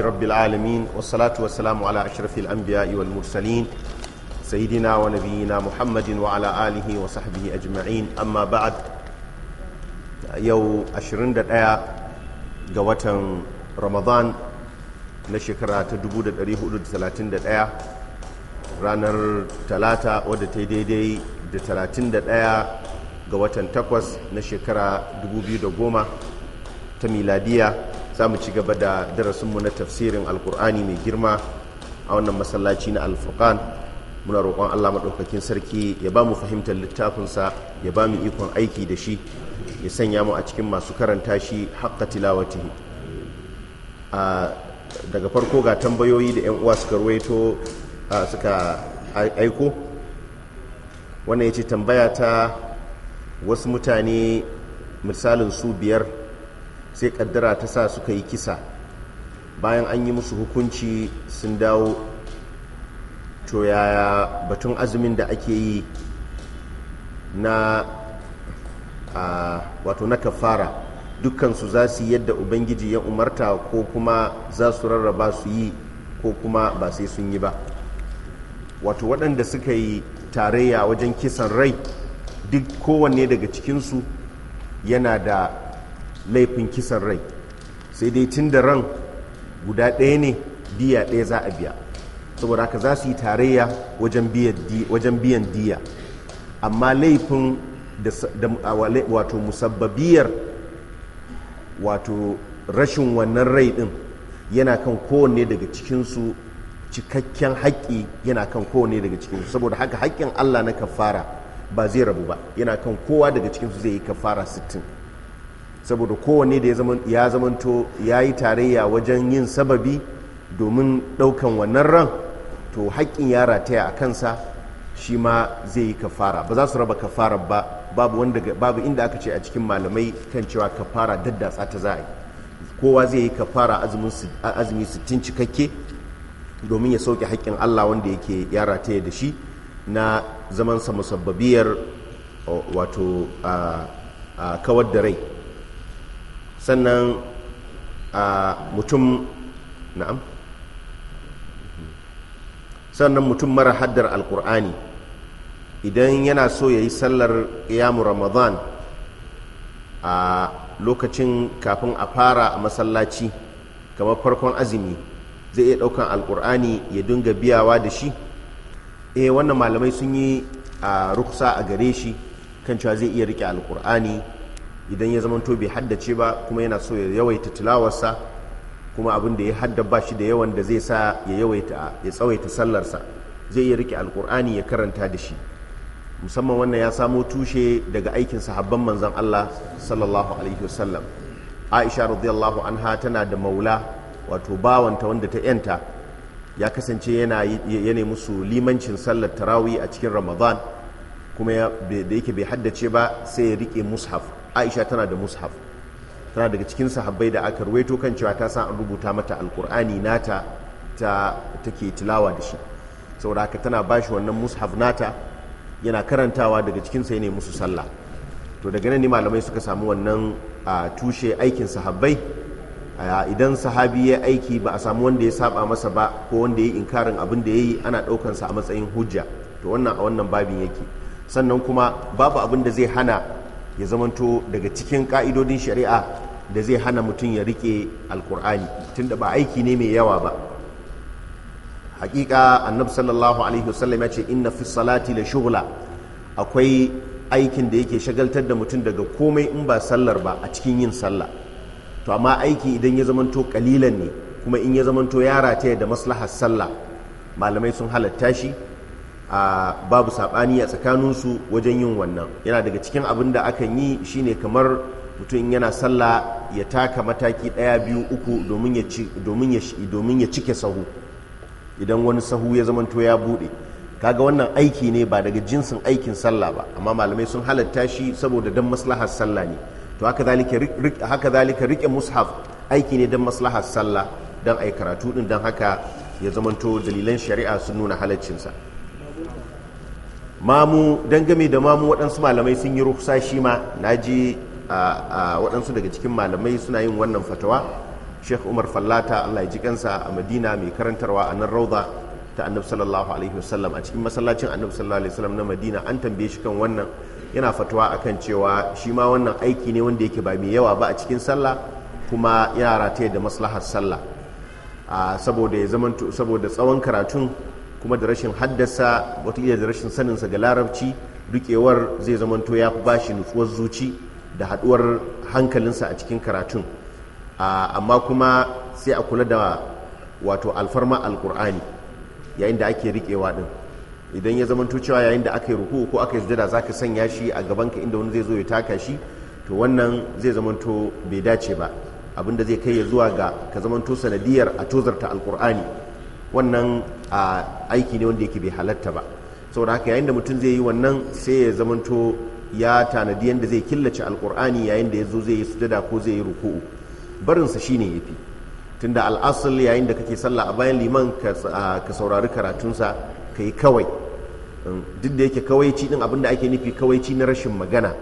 رب العالمين والصلاة والسلام على أشرف الأنبياء والمرسلين سيدنا ونبينا محمد وعلى آله وصحبه أجمعين أما بعد يو أشرين دقايا قوة رمضان نشكرا تدبود الأريه أولود ثلاثين دقايا رانر ثلاثة ودتي دي دي دي ثلاثين دقايا قوة تقوس نشكرا دبوبي دقومة تميلادية za mu ci gaba da darasinmu na tafsirin alkur'ani mai girma a wannan masallaci na alfurkan muna roƙon allah maɗaukakin sarki ya ba mu fahimtar littafinsa ya ba mu ikon aiki da shi ya sanya mu a cikin masu karanta shi haƙƙa tilawatihi daga farko ga tambayoyi da 'yan uwa suka ruwaito suka aiko wannan ya ce tambaya ta wasu mutane misalin su biyar sai kaddara ta sa suka yi kisa bayan an yi musu hukunci sun dawo to yaya batun azumin da ake yi na wato na kafara dukkansu za su yi yadda ubangiji ya umarta ko kuma za su rarraba su yi ko kuma ba sai sun yi ba wato waɗanda suka yi tarayya wajen kisan rai duk kowanne daga cikinsu yana da laifin kisan rai sai dai tun da ran guda ɗaya ne diya ɗaya za a biya saboda haka za su yi tarayya wajen biyan diya amma laifin wato musabbabiyar wato rashin wannan rai ɗin yana kan kowanne daga cikinsu cikakken haƙƙi yana kan kowanne daga cikinsu saboda haka haƙƙin allah na kafara ba zai rabu ba yana kan kowa daga cikinsu zai yi kafara sittin saboda kowane da ya zamanto ya yi tarayya wajen yin sababi domin ɗaukan wannan ran to haƙƙin ya rataya a kansa shi ma zai yi kafara ba za su raba kafara ba babu inda aka ce a cikin malamai kan cewa kafara daddatsa ta za a yi kowa zai yi kafara azumi sittin cikakke domin ya sauke haƙƙin allah wanda yake ya rataya da shi na zamansa musabbabiyar wato kawar da rai sannan mutum na'am sannan mutum mara haddar alkur'ani idan yana so ya yi sallar yamu ramadan a lokacin kafin a fara a masallaci kamar farkon azumi zai iya ɗaukan alkur'ani ya dinga biyawa da shi eh wannan malamai sun yi a ruksa a gare shi kan cewa zai iya rike alkur'ani idan ya zamanto bai haddace ba kuma yana so ya yawaita tilawarsa kuma abin da ya hadda ba shi da yawan da zai sa ya yawaita ya tsawaita sallarsa zai iya rike alkur'ani ya karanta da shi musamman wannan ya samo tushe daga aikin sahabban manzon Allah sallallahu alaihi wasallam Aisha radiyallahu anha tana da maula wato bawanta wanda ta yanta ya kasance yana ya musu limancin sallar tarawih a cikin Ramadan kuma da yake bai haddace ba sai ya rike mushaf aisha tana da mushaf tana daga cikin sahabbai da aka ruwaito kan cewa ta san an rubuta mata alkur'ani nata ta take tilawa da shi saboda haka tana bashi wannan mushaf nata yana karantawa daga cikin sai ne musu sallah to daga nan ne malamai suka samu wannan tushe aikin sahabbai idan sahabi ya aiki ba a samu wanda ya saba masa ba ko wanda ya yi inkarin abin da ya yi ana ɗaukansa a matsayin hujja to wannan a wannan babin yake sannan kuma babu abin da zai hana ya zamanto daga cikin ka'idodin shari'a da zai hana mutum ya rike alkur'ani tun da ba aiki ne mai yawa ba hakika annabi sallallahu alaihi wasallam ya ce inna fi salati da shughla akwai aikin da yake shagaltar da mutum daga komai in ba sallar ba a cikin yin sallah to amma aiki idan ya zamanto kalilan ne kuma in ya zamanto ya rataya da maslahar sallah malamai sun halatta shi a babu saɓani a tsakaninsu wajen yin wannan yana daga cikin abin da akan yi shine kamar mutum yana sallah ya taka mataki ɗaya biyu uku domin ya cike sahu idan wani sahu ya zamanto ya buɗe kaga wannan aiki ne ba daga jinsin aikin sallah ba amma malamai sun halatta shi saboda don maslahar sallah ne to haka zalika riƙe mushaf aiki ne don maslahar sallah don a karatu ɗin don haka ya zamanto dalilan shari'a sun nuna halaccinsa mamu dangame da mamu waɗansu malamai sun yi rukusa shi ma na ji waɗansu daga cikin malamai suna yin wannan fatawa sheikh umar fallata allah ya ji kansa a madina mai karantarwa a nan rauda ta annabi sallallahu alaihi wasallam a cikin masallacin annabi sallallahu alaihi wasallam na madina an tambaye shi kan wannan yana fatawa akan cewa shi ma wannan aiki ne wanda yake ba mai yawa ba a cikin sallah kuma yana rataye da maslahar sallah saboda ya saboda tsawon karatun kuma da rashin haddasa watakila da rashin saninsa ga larabci dukewar zai zamanto ya fi bashi nutsuwar zuci da haɗuwar hankalinsa a cikin karatun amma kuma sai a kula da wato alfarma alkur'ani yayin da ake riƙewa din idan ya zamanto cewa yayin da aka yi ruku ko aka yi sujada za ka sanya shi a gabanka inda wani zai zo ya taka shi to wannan zai zamanto bai dace ba abinda zai kai ya zuwa ga ka zamanto sanadiyar a tozarta alkur'ani wannan aiki ne wanda yake bai halatta ba saboda haka yayin da mutum zai yi wannan sai ya zamanto ya tanadi yadda zai killace alkur'ani yayin da ya zo zai yi sujada ko zai yi ruku'u barinsa shi ne ya fi tunda al'asul yayin da kake sallah a bayan liman ka saurari karatunsa ka yi kawai mm, duk da yake kawaici din abinda ake nufi kawaici na rashin magana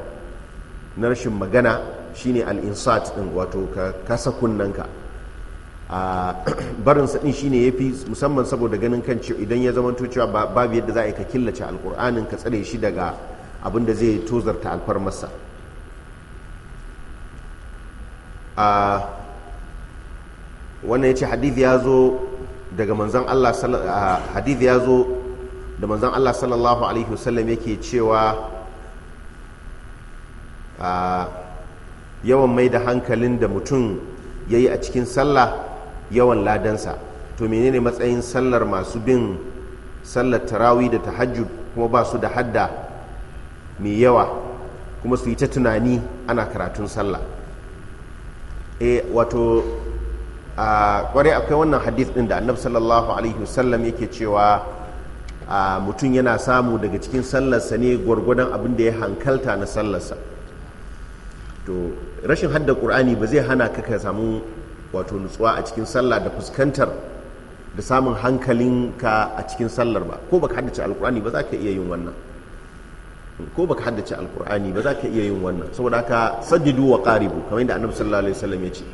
na rashin magana shine al'insat din wato ka kasa kunnanka a barin sa din shine fi musamman saboda ganin kan idan ya zama cewa babu yadda za a yi ka killace alkur'anin ka tsare shi daga abin da zai tozarta alfarmarsa a wannan ya ce hadith ya zo da manzan Allah sallallahu alaihi wasallam yake cewa yawan mai da hankalin da mutum ya yi a cikin sallah yawan ladansa to menene matsayin sallar masu bin sallar tarawi da tahajjud kuma ba su da hadda mai yawa kuma su yi ta tunani ana karatun sallah e wato a kware akwai wannan hadith din da annab sallallahu alaihi wasallam yake cewa mutum yana samu daga cikin sallarsa ne gwargwadon abin da ya hankalta na sallarsa to rashin hadda qur'ani ba zai hana ka ka samu wato nutsuwa a cikin sallah da fuskantar da samun hankalinka a cikin sallar ba ko baka haddace alkur'ani ba za ka iya yin wannan ko baka haddace alkur'ani ba za ka iya yin wannan saboda haka sajjidu wa qaribu kamar yadda annabi sallallahu alaihi wasallam ya ce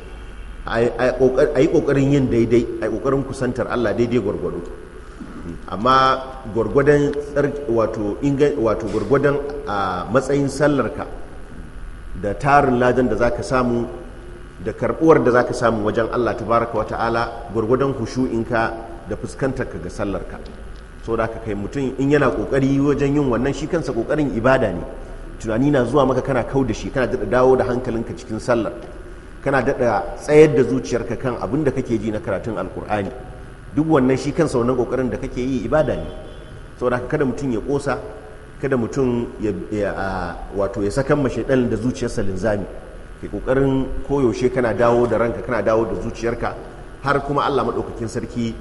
a yi kokarin yin daidai a yi kokarin kusantar Allah daidai gwargwado amma gwargwadon wato wato gwargwadon a matsayin sallarka da tarin ladan da za ka samu da karbuwar da zaka samu wajen Allah Ta tabaraka wa ta'ala gurgudan hushu'inka da fuskantarka ga sallarka saboda haka kai mutum in yana kokari wajen yin wannan shi kansa kokarin ibada ne tunani na zuwa maka kana kau da shi kana daɗa dawo da hankalinka cikin sallar kana daɗa tsayar da zuciyarka kan abin da kake ji na karatun alkur'ani duk wannan shi kansa wannan kokarin da kake yi ibada ne so haka kada mutum ya kosa kada mutum ya wato ya sakan mashi da zuciyarsa linzami ke kokarin koyaushe kana dawo da ranka kana dawo da zuciyarka har kuma Allah maɗaukakin sarki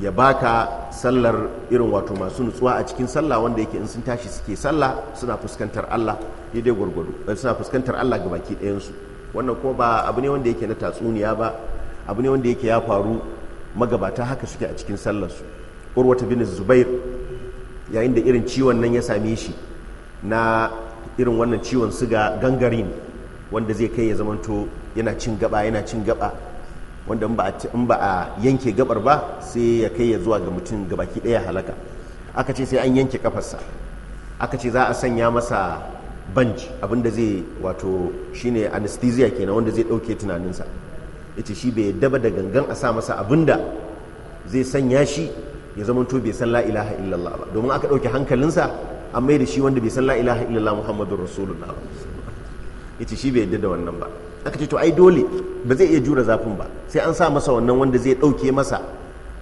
ya baka sallar irin wato masu nutsuwa a cikin sallah wanda yake in sun tashi suke sallah suna fuskantar Allah dai gwargwado eh, suna fuskantar Allah ga baki ɗayansu wannan kuma ba abu ne wanda yake na tatsuniya ba abu ne wanda yake ya faru magabata haka suke a cikin sallar sallarsu urwata bin zubair yayin da irin ciwon nan ya same shi na irin wannan ciwon siga gangarin wanda zai kai ya zamanto yana cin gaba yana cin gaba wanda in ba a yanke gabar ba sai ya kai ya zuwa ga mutum gabaki daya halaka aka ce sai an yanke kafarsa aka ce za a sanya masa banj abinda zai wato shine anesthesia kenan wanda zai dauke tunaninsa Ita shi bai daba da gangan a sa masa abinda zai sanya shi ya zamanto bai san la ilaha illallah ba domin aka dauke hankalinsa an mai da shi wanda bai san la ilaha illallah muhammadur rasulullah yace shi bai yadda da wannan ba aka ce to ai dole ba zai iya jura zafin ba sai an sa masa wannan wanda zai dauke masa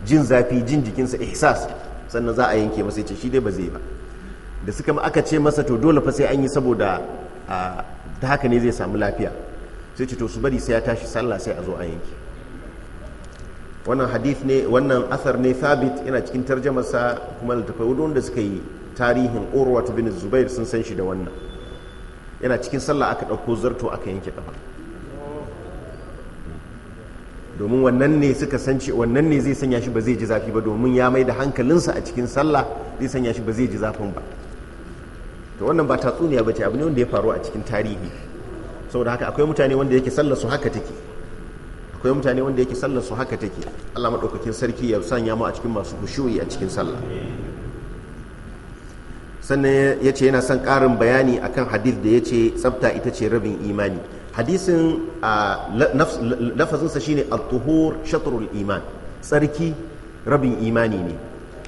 jin zafi jin jikinsa ihsas sannan za a yanke masa yace shi dai ba zai ba da suka ma aka ce masa to dole fa sai an yi saboda ta haka ne zai samu lafiya sai ce to su bari sai ya tashi sallah sai a zo a yanke wannan hadith ne wannan asar ne sabit yana cikin tarjamarsa kuma littafai wanda suka yi tarihin urwa bin zubair sun san shi da wannan yana cikin sallah aka ɗauko zarto aka yanke ƙafa domin wannan ne suka san ce wannan ne zai sanya shi ba zai ji zafi ba domin ya mai da hankalinsa a cikin sallah zai sanya shi ba zai ji zafin ba to wannan ba tatsuniya ba ce abu ne wanda ya faru a cikin tarihi saboda haka akwai mutane wanda yake sallar su haka take akwai mutane wanda yake sallar su haka take Allah madaukakin sarki ya sanya mu a cikin masu hushuyi a cikin sallah sannan ya ce yana son karin bayani akan hadith da ya ce tsabta ita ce rabin imani hadisin lafazinsa shine al-tuhur shatrul iman tsarki rabin imani ne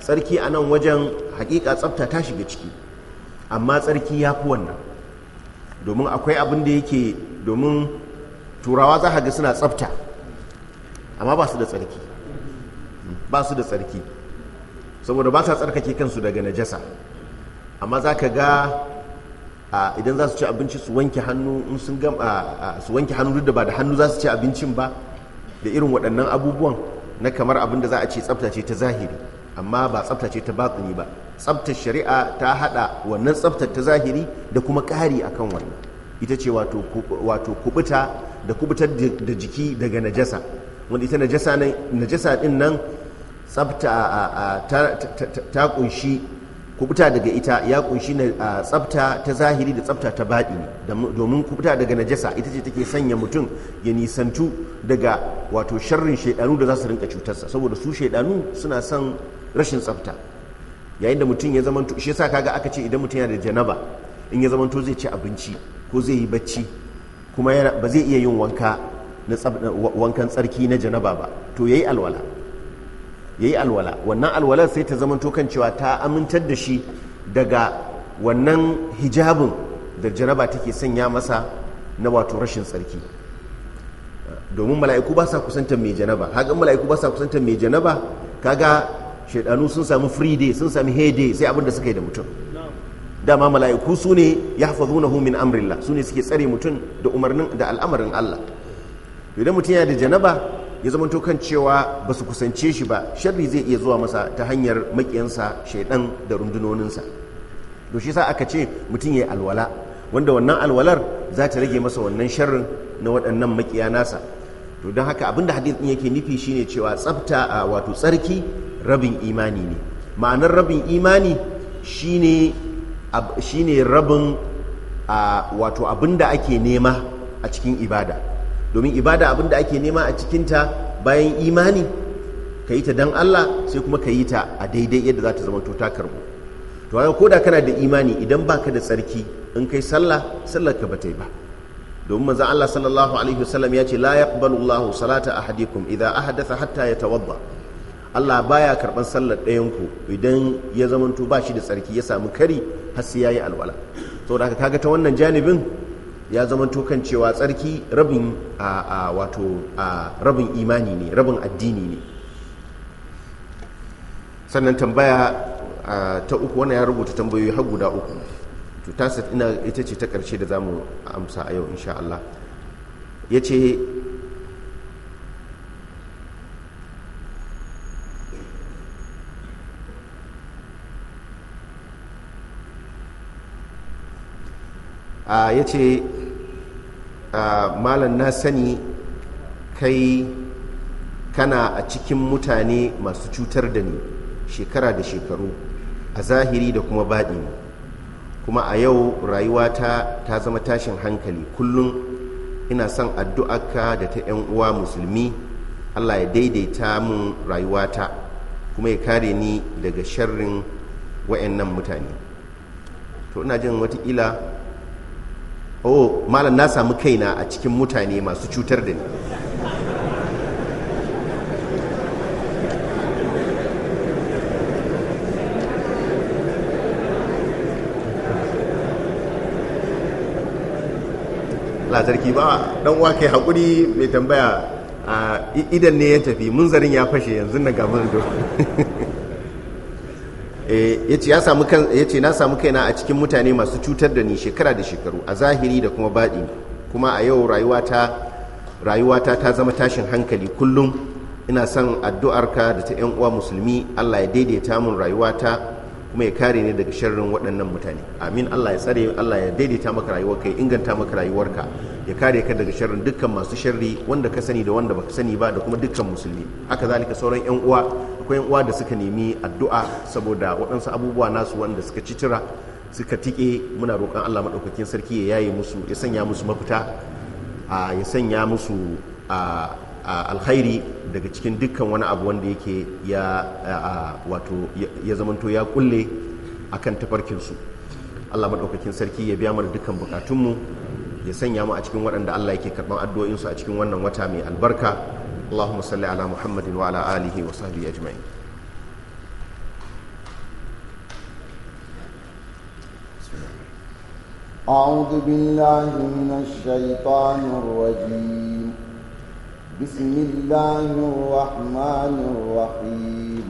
tsarki a nan wajen hakika tsafta ta shiga ciki amma tsarki ya fi wannan domin akwai abin da yake domin turawa za ga suna tsafta amma ba su da tsarki ba su da tsarki saboda ba sa tsarkake kansu daga najasa amma za ka ga idan za su ci abinci su wanke hannu sun su wanke hannu duk da ba da hannu za su ci abincin ba da irin waɗannan abubuwan na kamar abin da za a ce tsaftace ta zahiri amma ba tsaftace ta batsini ba tsaftar shari'a ta haɗa wannan tsaftar ta zahiri da kuma ƙari akan wannan ita ce wato kubuta da kubutar da jiki daga najasa wanda ita najasa din nan tsafta ta ƙunshi. kubuta daga ita ya kunshi na tsafta ta zahiri da tsafta ta baɗi domin kubuta daga najasa ita ce take sanya mutum ya nisantu daga wato sharrin shaidanu da za su rinka cutarsa saboda su shaidanu suna son rashin tsafta yayin da mutum ya to shi yasa kaga aka ce idan mutum yana da janaba in ya zamanto zai ci abinci ko zai yi bacci kuma ba zai iya yin wanka na wankan tsarki na janaba ba to yayi alwala ya yi alwala wannan alwalar sai ta zamanto kan cewa ta amintar da shi daga wannan hijabin da janaba take sanya masa na wato rashin tsarki domin mala'iku ba sa kusantar mai janaba haka mala'iku ba sa kusantar mai janaba kaga shaidanu sun sami free day sun sami hay day sai abinda suka yi da mutum dama mala'iku su ne ya hafazunahu min amrillah su ne suke tsare mutum da da al'amarin Allah idan mutum yana da janaba ya zama to kan cewa ba su kusance shi ba sharri zai iya zuwa masa ta hanyar makiyansa shaidan da rundunoninsa to shi sa aka ce mutum ya yi alwala wanda wannan alwalar za ta rage masa wannan sharrin na waɗannan makiya nasa to don haka abinda hadith din yake nufi shine cewa tsafta a wato tsarki rabin imani ne ma'anar rabin imani shine shine rabin a wato abinda ake nema a cikin ibada domin ibada abin da ake nema a cikinta bayan imani ka yi ta don Allah sai kuma ka yi ta a daidai yadda za ta zama to ta karbu to ayo koda kana da imani idan baka da tsarki in kai sallah sallar ka bata yi ba domin manzon Allah sallallahu alaihi wasallam ya ce la yaqbalu Allahu salata ahadikum idza ahdatha hatta yatawadda Allah baya karban sallar ɗayan ku idan ya zamanto ba shi da tsarki ya samu kari har sai yayi alwala saboda haka kaga ta wannan janibin ya zama tokan cewa tsarki rabin a wato rabin imani ne rabin addini ne sannan tambaya ta uku wani ya rubuta tambayoyi har guda uku to ina ita ce ta ƙarshe da za mu amsa a yau insha Allah ya ce Ah, ya ce ah, malam na sani kai kana a cikin mutane masu cutar da ni shekara da shekaru a zahiri da kuma baɗi kuma a yau rayuwata ta zama tashin hankali kullum ina son addu'arka da ta 'yan uwa musulmi allah ya daidaita mun rayuwata kuma ya kare ni daga sharrin wa'annan mutane to ina jin watakila oh malam na samu kaina a cikin mutane masu cutar da ni latarki ba dan wake hakuri mai tambaya idan ne ya tafi munzarin ya fashe yanzu na gamar da Eh, yace ya ce na samu kaina a cikin mutane masu cutar da ni shekara da shekaru a zahiri da kuma baɗi kuma a yau rayuwata ta zama tashin hankali kullum ina son addu'arka da ta yan uwa musulmi Allah ya daidaita min rayuwata kuma ya kare ni daga sharrin waɗannan mutane amin Allah ya tsare Allah ya daidaita maka rayuwarka ya inganta maka rayuwarka ya kare ka daga sharrin dukkan masu sharri wanda ka sani da wanda baka sani ba da kuma dukkan musulmi haka zalika sauran yan uwa akwai uwa da suka nemi addu'a saboda waɗansu abubuwa nasu wanda suka citira suka tike muna roƙon Allah maɗaukakin sarki ya yaye musu ya sanya musu mafita ya sanya musu alkhairi daga cikin dukkan wani abu wanda yake ya wato ya zamanto ya kulle akan tafarkinsu Allah maɗaukakin sarki ya biya mana dukkan bukatunmu ya sanya mu a cikin waɗanda Allah yake karɓar addu'o'insu a cikin wannan wata mai albarka اللهم صل على محمد وعلى آله وصحبه أجمعين أعوذ بالله من الشيطان الرجيم بسم الله الرحمن الرحيم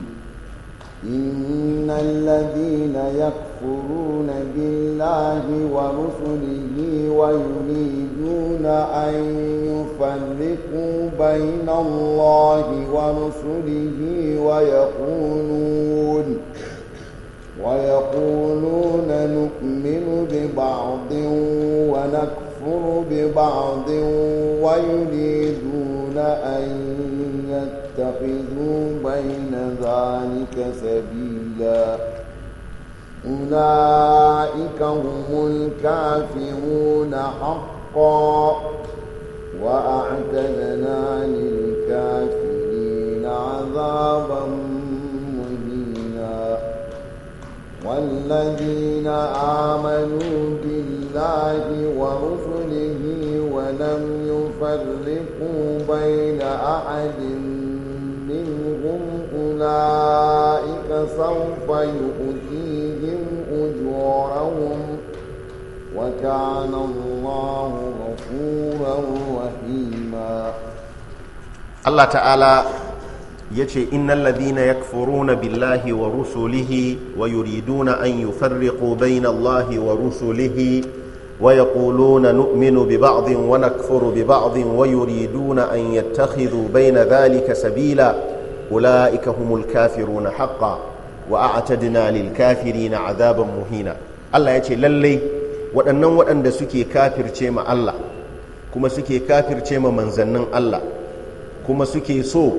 إن الذين يكفرون بالله ورسله ويريدون أن يفرقوا بين الله ورسله ويقولون ويقولون نؤمن ببعض ونكفر ببعض ويريدون أن فاتخذوا بين ذلك سبيلا أولئك هم الكافرون حقا وأعتدنا للكافرين عذابا مهينا والذين آمنوا بالله ورسله ولم يفرقوا بين أحد أولئك سوف يؤتيهم أجورهم وكان الله غفورا رحيما الله تعالى يتي إن الذين يكفرون بالله ورسله ويريدون أن يفرقوا بين الله ورسله ويقولون نؤمن ببعض ونكفر ببعض ويريدون أن يتخذوا بين ذلك سبيلاً أولئك هم الكافرون حقا وأعتدنا للكافرين عذابا مهينا الله يتي للي waɗannan waɗanda suke kafirce ma Allah, kuma suke kafirce ma manzannin Allah, kuma suke so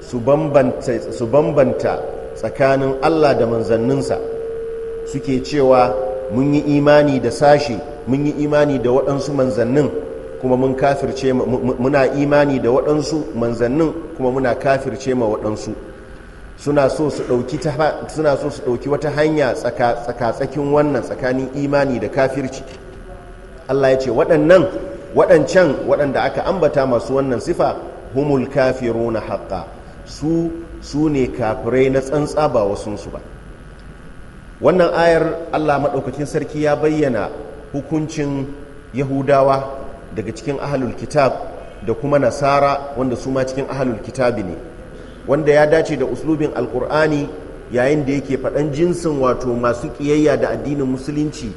su bambanta tsakanin Allah da manzanninsa suke cewa mun yi imani da sashi mun yi imani da waɗansu manzannin kuma mun kafirce muna imani da waɗansu manzannin kuma muna kafirce ma waɗansu suna so su ɗauki wata hanya tsakatsakin wannan tsakanin imani da kafirci allah ya ce waɗannan waɗancan waɗanda aka ambata masu wannan sifa humul na haƙa su su ne kafirai na tsantsa ba wasunsu ba wannan ayar allah maɗaukakin sarki ya bayyana hukuncin yahudawa daga cikin ahalul kitab da kuma nasara wanda su ma cikin ahalul kitabi ne wanda ya dace da uslubin alkur'ani yayin da yake faɗan jinsin wato masu ƙiyayya da addinin musulunci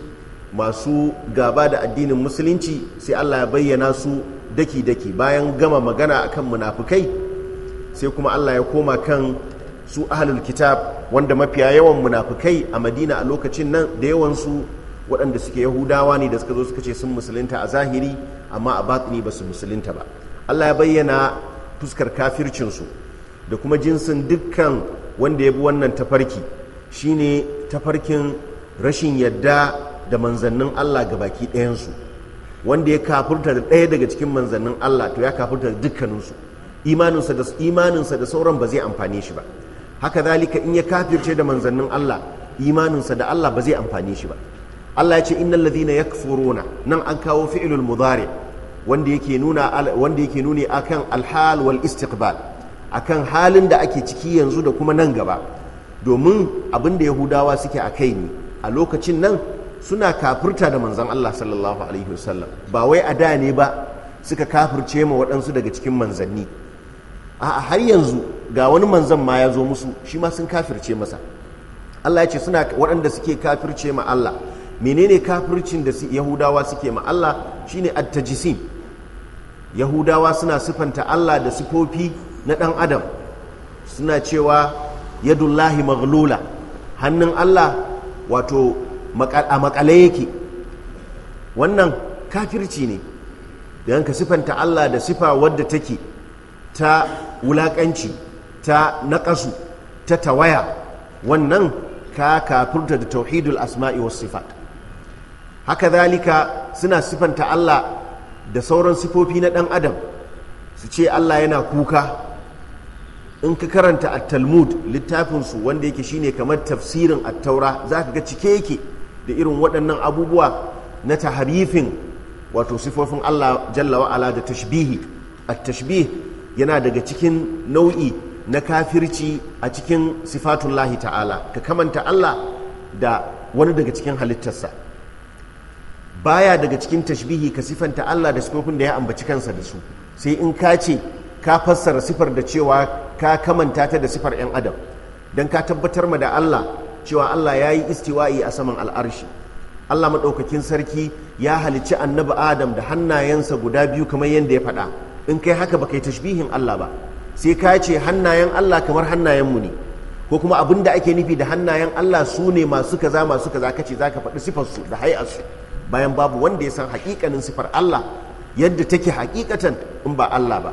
masu gaba da addinin musulunci sai allah ya bayyana su daki-daki bayan gama magana akan munafukai sai kuma allah ya koma kan su ahalul kitab wanda mafiya yawan munafukai a madina a lokacin nan da yawansu waɗanda suke yahudawa ne da suka zo suka ce sun musulunta a zahiri amma a batini ba su musulunta ba Allah ya bayyana fuskar kafircinsu da kuma jinsin dukkan wanda ya bi wannan tafarki shine tafarkin rashin yadda da manzannin Allah ga baki ɗayansu wanda ya kafurta da ɗaya daga cikin manzannin Allah to ya kafurta da dukkaninsu imaninsa da sauran ba zai amfane shi ba haka zalika in ya kafirce da manzannin Allah imaninsa da Allah ba zai amfane shi ba Allah ya ce innal ladhina yakfuruna nan an kawo fi'ilul mudari wanda yake nuna wanda yake nuni akan alhal wal istiqbal akan halin da ake ciki yanzu da kuma nan gaba domin abin da yahudawa suke a kai ne a lokacin nan suna kafurta da manzon Allah sallallahu alaihi wasallam ba wai a da ne ba suka kafirce ma waɗansu daga cikin manzanni a har yanzu ga wani manzan ma ya zo musu shi ma sun kafirce masa Allah ya ce suna waɗanda suke kafirce ma Allah menene kafircin da yahudawa suke ma Allah shine at-tajsim yahudawa suna sifanta Allah da sifofi na dan adam suna cewa yadullahi maghlula hannun Allah wato a makale yake wannan kafirci ne don ka sifanta Allah da sifa wadda take ta wulaƙanci, ta naƙasu ta tawaya wannan ka kafirta da tauhidul asma'i was sifat haka zalika suna sifanta Allah da sauran sifofi na ɗan adam su ce Allah yana kuka in ka karanta a talmud littafinsu wanda yake shine kamar tafsirin a taura za ka ga cike yake da irin waɗannan abubuwa na taharifin wato sifofin Allah jalla wa'ala da tashbihi a tashbihi yana daga cikin nau'i na kafirci a cikin sifatullahi ta'ala ka kamanta Allah da wani daga cikin halittarsa baya daga cikin tashbihi ka sifanta Allah da sifofin da ya ambaci kansa da su sai in ka ce ka fassara sifar da cewa ka kamanta ta da sifar 'yan adam don ka tabbatar ma da Allah cewa Allah ya yi istiwa'i a saman al'arshi Allah maɗaukakin sarki ya halicci annabi Adam da hannayensa guda biyu kamar yadda ya faɗa in kai haka ba kai tashbihin Allah ba sai ka ce hannayen Allah kamar hannayenmu ne ko kuma abin da ake nufi da hannayen Allah su ne masu kaza masu kaza ka ce za ka faɗi sifarsu da hay'arsu bayan babu wanda ya san hakikanin sifar Allah yadda take hakikatan in ba Allah ba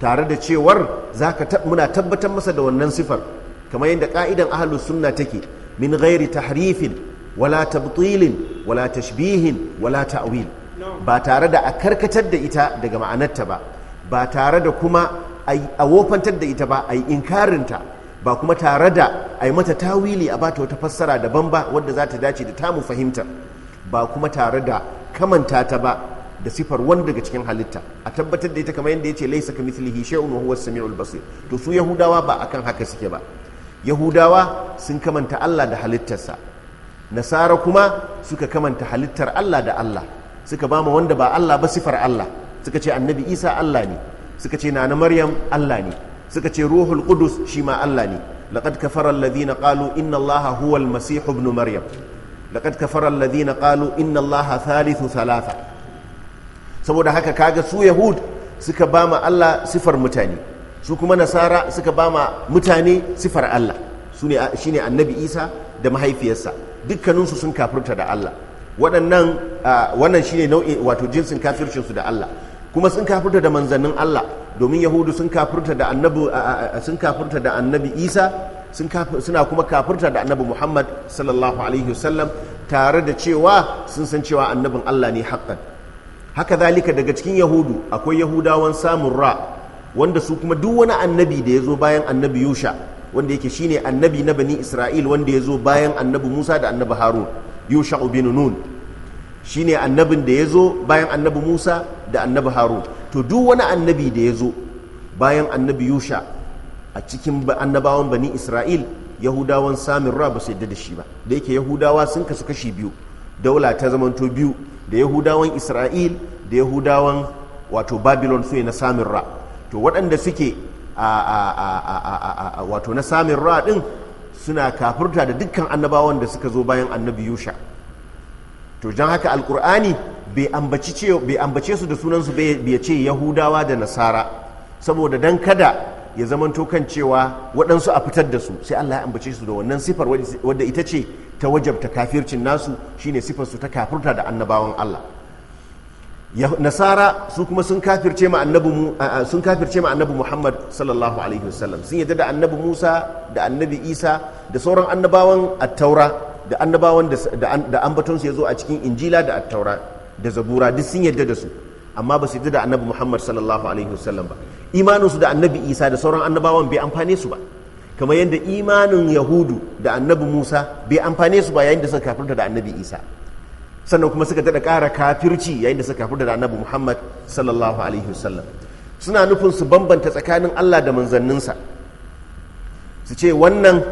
tare da cewar zaka muna tabbatar masa da wannan sifar kamar yadda ka'idan ahlus sunna take min ghairi tahrifin wala tabtilin wala tashbihin wala ta'wil ba tare da a karkatar da ita daga ma'anarta ba ba tare da kuma a wofantar da ita ba a yi inkarinta ba kuma tare da a yi mata tawili a bata wata fassara daban ba wadda za ta dace da tamu fahimtar ba kuma tare da kamanta ta ba da sifar wani daga cikin halitta a tabbatar da ita kamar yadda ya ce laisa ka mislihi, shay'un wa huwa samiul basir to su yahudawa ba akan haka suke ba yahudawa sun kamanta Allah da halittarsa nasara kuma suka kamanta halittar Allah da Allah suka ba wanda ba Allah ba sifar Allah suka ce annabi Isa Allah ne suka ce nana Maryam Allah ne suka ce ruhul qudus shi ma Allah ne laqad kafara alladhina qalu inna allaha huwa al-masih ibn maryam laqad kafara alladhina qalu inna allaha thalithu thalatha saboda haka kaga su yahud suka ba ma Allah sifar mutane su kuma nasara suka ba ma mutane sifar Allah su ne ne annabi Isa da mahaifiyarsa dukkaninsu sun kafirta da Allah waɗannan wannan shine nau'in wato jinsin kafircinsu da Allah kuma sun kafirta da manzannin Allah domin yahudu sun kafirta da annabi sun kafirta da annabi Isa suna kuma kafirta da annabi muhammad sallallahu alaihi wasallam tare da cewa sun san cewa annabin allah ne haƙƙan haka zalika daga cikin yahudu akwai yahudawan samun ra wanda su kuma duk wani annabi da ya zo bayan annabi yusha wanda yake shine annabi na bani isra'il wanda ya zo bayan annabi musa da annabi harun yusha bin nun shine annabin da ya zo bayan annabi musa da annabi harun to duk wani annabi da ya zo bayan annabi yusha a cikin annabawan bani isra'il yahudawan samun ra ba su yadda da shi ba da yake yahudawa sun kasu kashi biyu daula ta zamanto biyu da yahudawan isra'il da yahudawan wato babylon su na samun ra to waɗanda suke a wato na samun ra ɗin suna kafurta da dukkan annabawan da suka zo bayan annabi yusha to jan haka alkur'ani bai ambace su da sunansu bai ce yahudawa da nasara saboda dan kada ya zamanto kan cewa waɗansu a fitar da su sai Allah ya ambace su da wannan sifar wadda ita ce ta wajabta kafircin nasu shine sifar su ta kafirta da annabawan Allah nasara su kuma sun kafirce ma annabi mu sun kafirce ma annabi Muhammad sallallahu alaihi wasallam sun yadda da annabi Musa da annabi Isa da sauran annabawan at-taura da annabawan da ambaton su yazo a cikin injila da at-taura da zabura duk sun yadda da su amma ba su yi da annabi muhammad sallallahu alaihi wasallam ba imaninsu da annabi isa da sauran annabawan bai amfane su ba kamar yadda imanin yahudu da annabi musa bai amfane su ba yayin da suka kafirta da annabi isa sannan kuma suka daɗa ƙara kafirci yayin da suka kafirta da annabi muhammad sallallahu alaihi wasallam suna nufin su bambanta tsakanin allah da manzanninsa su ce wannan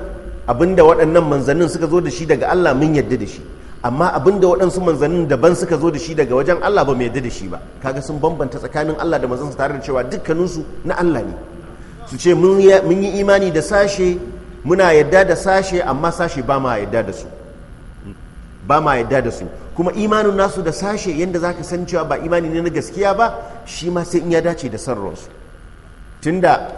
abinda waɗannan manzannin suka zo da shi daga allah mun yadda da shi amma abin da waɗansu manzannin daban suka zo da shi daga wajen Allah ba mai yadda da shi ba kaga sun bambanta tsakanin Allah da manzansa tare da cewa dukkaninsu na Allah ne su ce mun yi imani da sashe muna yadda da sashe amma sashe ba ma yadda da su ba ma yadda da su kuma imanin nasu da sashe yadda za ka san cewa ba imani ne na gaskiya ba shi ma sai in ya dace da sarransu tunda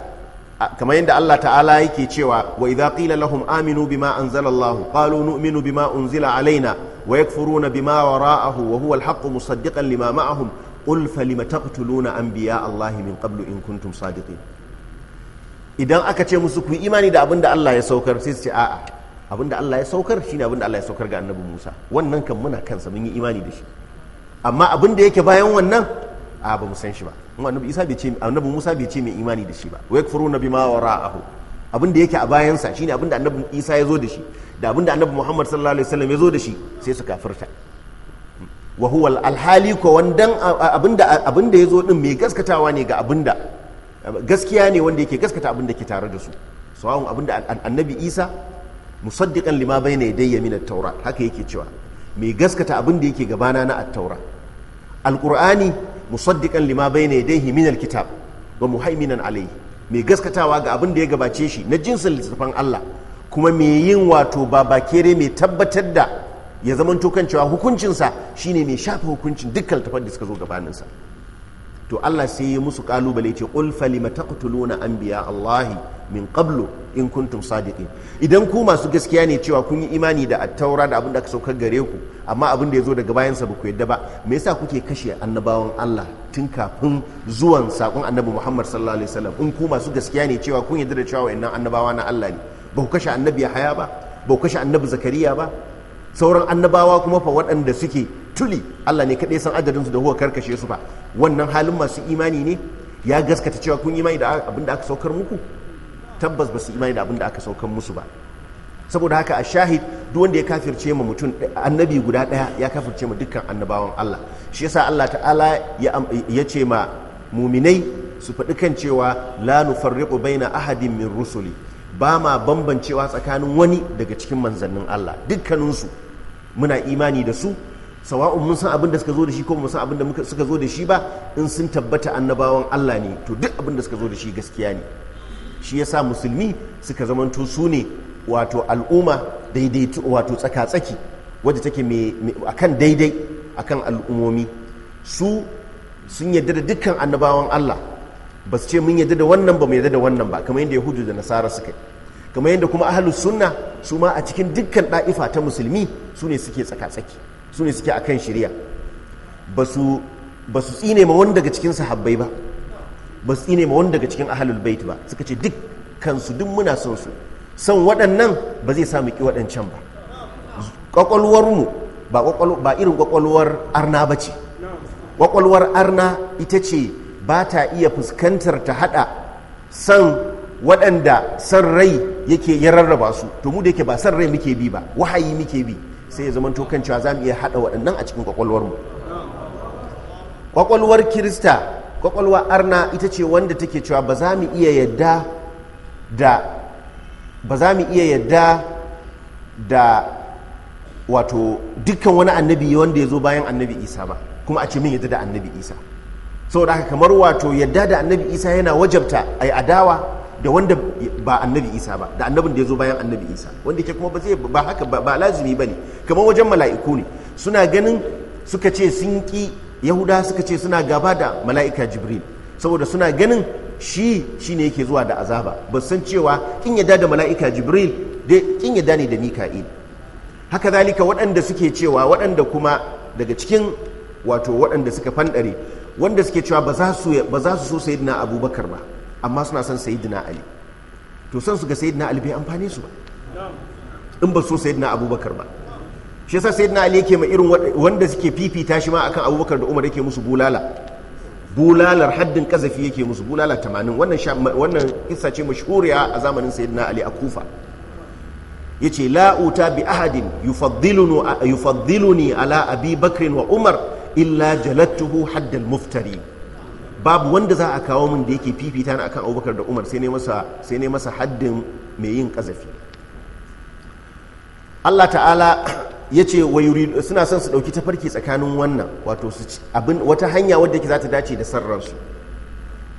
kamar yadda Allah ta'ala yake cewa wa idza qila lahum aminu bima anzala Allah qalu nu'minu bima unzila alaina ويكفرون بما وراءه وهو الحق مصدقا لما معهم قل فلم تقتلون انبياء الله من قبل ان كنتم صادقين idan aka ce musu ku yi imani da abin da Allah ya saukar sai su ce a'a abin da Allah ya saukar shine abin da Allah ya saukar ga annabi Musa wannan kan muna kansa mun yi imani da shi amma abin da yake bayan wannan a ba mu san shi ba annabi Isa bai ce annabi Musa bai ce mai imani da shi ba wa yakfuruna bima wara'ahu abin da yake a bayan sa shine abin da annabi Isa ya zo da shi da abinda annabi muhammad sallallahu alaihi wasallam ya zo da shi sai su kafirta wa huwa alhali ko wandan abinda abinda ya zo din mai gaskatawa ne ga abinda gaskiya ne wanda yake gaskata abinda ke tare da su sawa'un abinda annabi isa musaddiqan lima bayna yadayya min at-taura haka yake cewa mai gaskata abinda yake gabana na at-taura alqur'ani musaddiqan lima bayna yadayhi min al-kitab wa muhaiminan alayhi mai gaskatawa ga abinda ya gabace shi na jinsin littattafan Allah kuma mai yin wato babakere mai tabbatar da ya zamanto kan cewa hukuncinsa shine mai shafa hukuncin dukkan tafar da suka zo gabaninsa to Allah sai ya musu kalubale ce qul falima an biya. Allah min qablu in kuntum sadiqin idan ku masu gaskiya ne cewa kun yi imani da attaura da abin da aka saukar gare ku amma abin da ya zo daga bayansa ba ku yadda ba me yasa kuke kashe annabawan Allah tun kafin zuwan sakon annabi Muhammad sallallahu alaihi wasallam in ku masu gaskiya ne cewa kun yadda da cewa wa'annan annabawa na Allah ne ba ku kashe annabi haya ba ba ku kashe annabi zakariya ba sauran annabawa kuma fa waɗanda suke tuli Allah ne kaɗai san adadinsu da huwa karkashe su ba wannan halin masu imani ne ya gaskata cewa kun imani da abin da aka saukar muku tabbas ba su imani da abin da aka saukar musu ba saboda haka a shahid duk wanda ya kafirce ma mutum annabi guda ɗaya ya kafirce ma dukkan annabawan Allah shi yasa Allah ta'ala ya ce ma muminai su faɗi kan cewa la nufarriqu baina ahadin min rusuli ba ma bambancewa tsakanin wani daga cikin manzannin Allah dukkaninsu muna imani da su sawa'un mun san abin da suka zo da shi ko mun san abin da suka zo da shi ba in sun tabbata annabawan Allah ne to duk abin da suka zo da shi gaskiya ne shi yasa musulmi suka zamanto su ne wato al'umma daidai wato tsaka-tsaki wadda take akan daidai akan al'ummomi su sun yadda da dukkan annabawan Allah ba su ce mun yadda da wannan ba mu yadda da wannan ba kamar yadda yahudu da nasara suka yi kamar yadda kuma ahlus sunna su ma a cikin dukkan ɗa'ifa ta musulmi su ne suke tsaka-tsaki su ne suke a kan shirya ba su tsine ma wani daga cikin sahabbai ba ba su tsine ma wani daga cikin ahalul bait ba suka ce duk kansu duk muna son su son waɗannan ba zai samu ki waɗancan ba Ƙwaƙwalwar mu ba irin ƙwaƙwalwar arna ba ce Ƙwaƙwalwar arna ita ce ba ta iya fuskantar ta hada san waɗanda san rai yake ya rarraba su to mu da yake ba san rai muke bi ba wahayi muke bi sai ya zama to kan cewa za mu iya hada waɗannan a cikin kwakwalwarmu kwakwalwar kirista kwakwalwa arna ita ce wanda take cewa ba za mu iya yadda da ba za mu iya yadda da wato dukkan wani annabi wanda ya zo bayan annabi isa ba kuma a ce min yadda da annabi isa saboda haka kamar wato yadda da annabi isa yana wajabta ai adawa da wanda ba annabi isa ba da annabin da ya zo bayan annabi isa wanda ke kuma ba zai ba haka ba lazimi ba ne kamar wajen mala'iku ne suna ganin suka ce sun ƙi yahuda suka ce suna gaba da mala'ika jibril saboda suna ganin shi shi ne yake zuwa da azaba ba san cewa kin yadda da mala'ika jibril da kin yadda ne da mika'il haka zalika waɗanda suke cewa waɗanda kuma daga cikin wato waɗanda suka fanɗare wanda suke cewa ba za su so sayidina abubakar ba amma suna son sayidina ali to son su ga sayidina ali bai amfane su ba in ba so sayidina abubakar ba shi yasa sayidina ali yake ma irin wanda suke fifita shi ma akan abubakar da umar yake musu bulala bulalar haddin kazafi yake musu bulala tamanin wannan wannan kissa ce mashhuriya a zamanin sayidina ali a kufa yace la uta bi ahadin yufaddiluni ala abi bakrin wa umar illa jalattuhu haddal muftari babu wanda za a kawo min da yake fifita na akan abubakar da umar sai ne masa sai ne masa haddin mai yin kazafi Allah ta'ala ya ce suna son su ɗauki tafarki tsakanin wannan wato su abin wata hanya wadda ke za ta dace da san ransu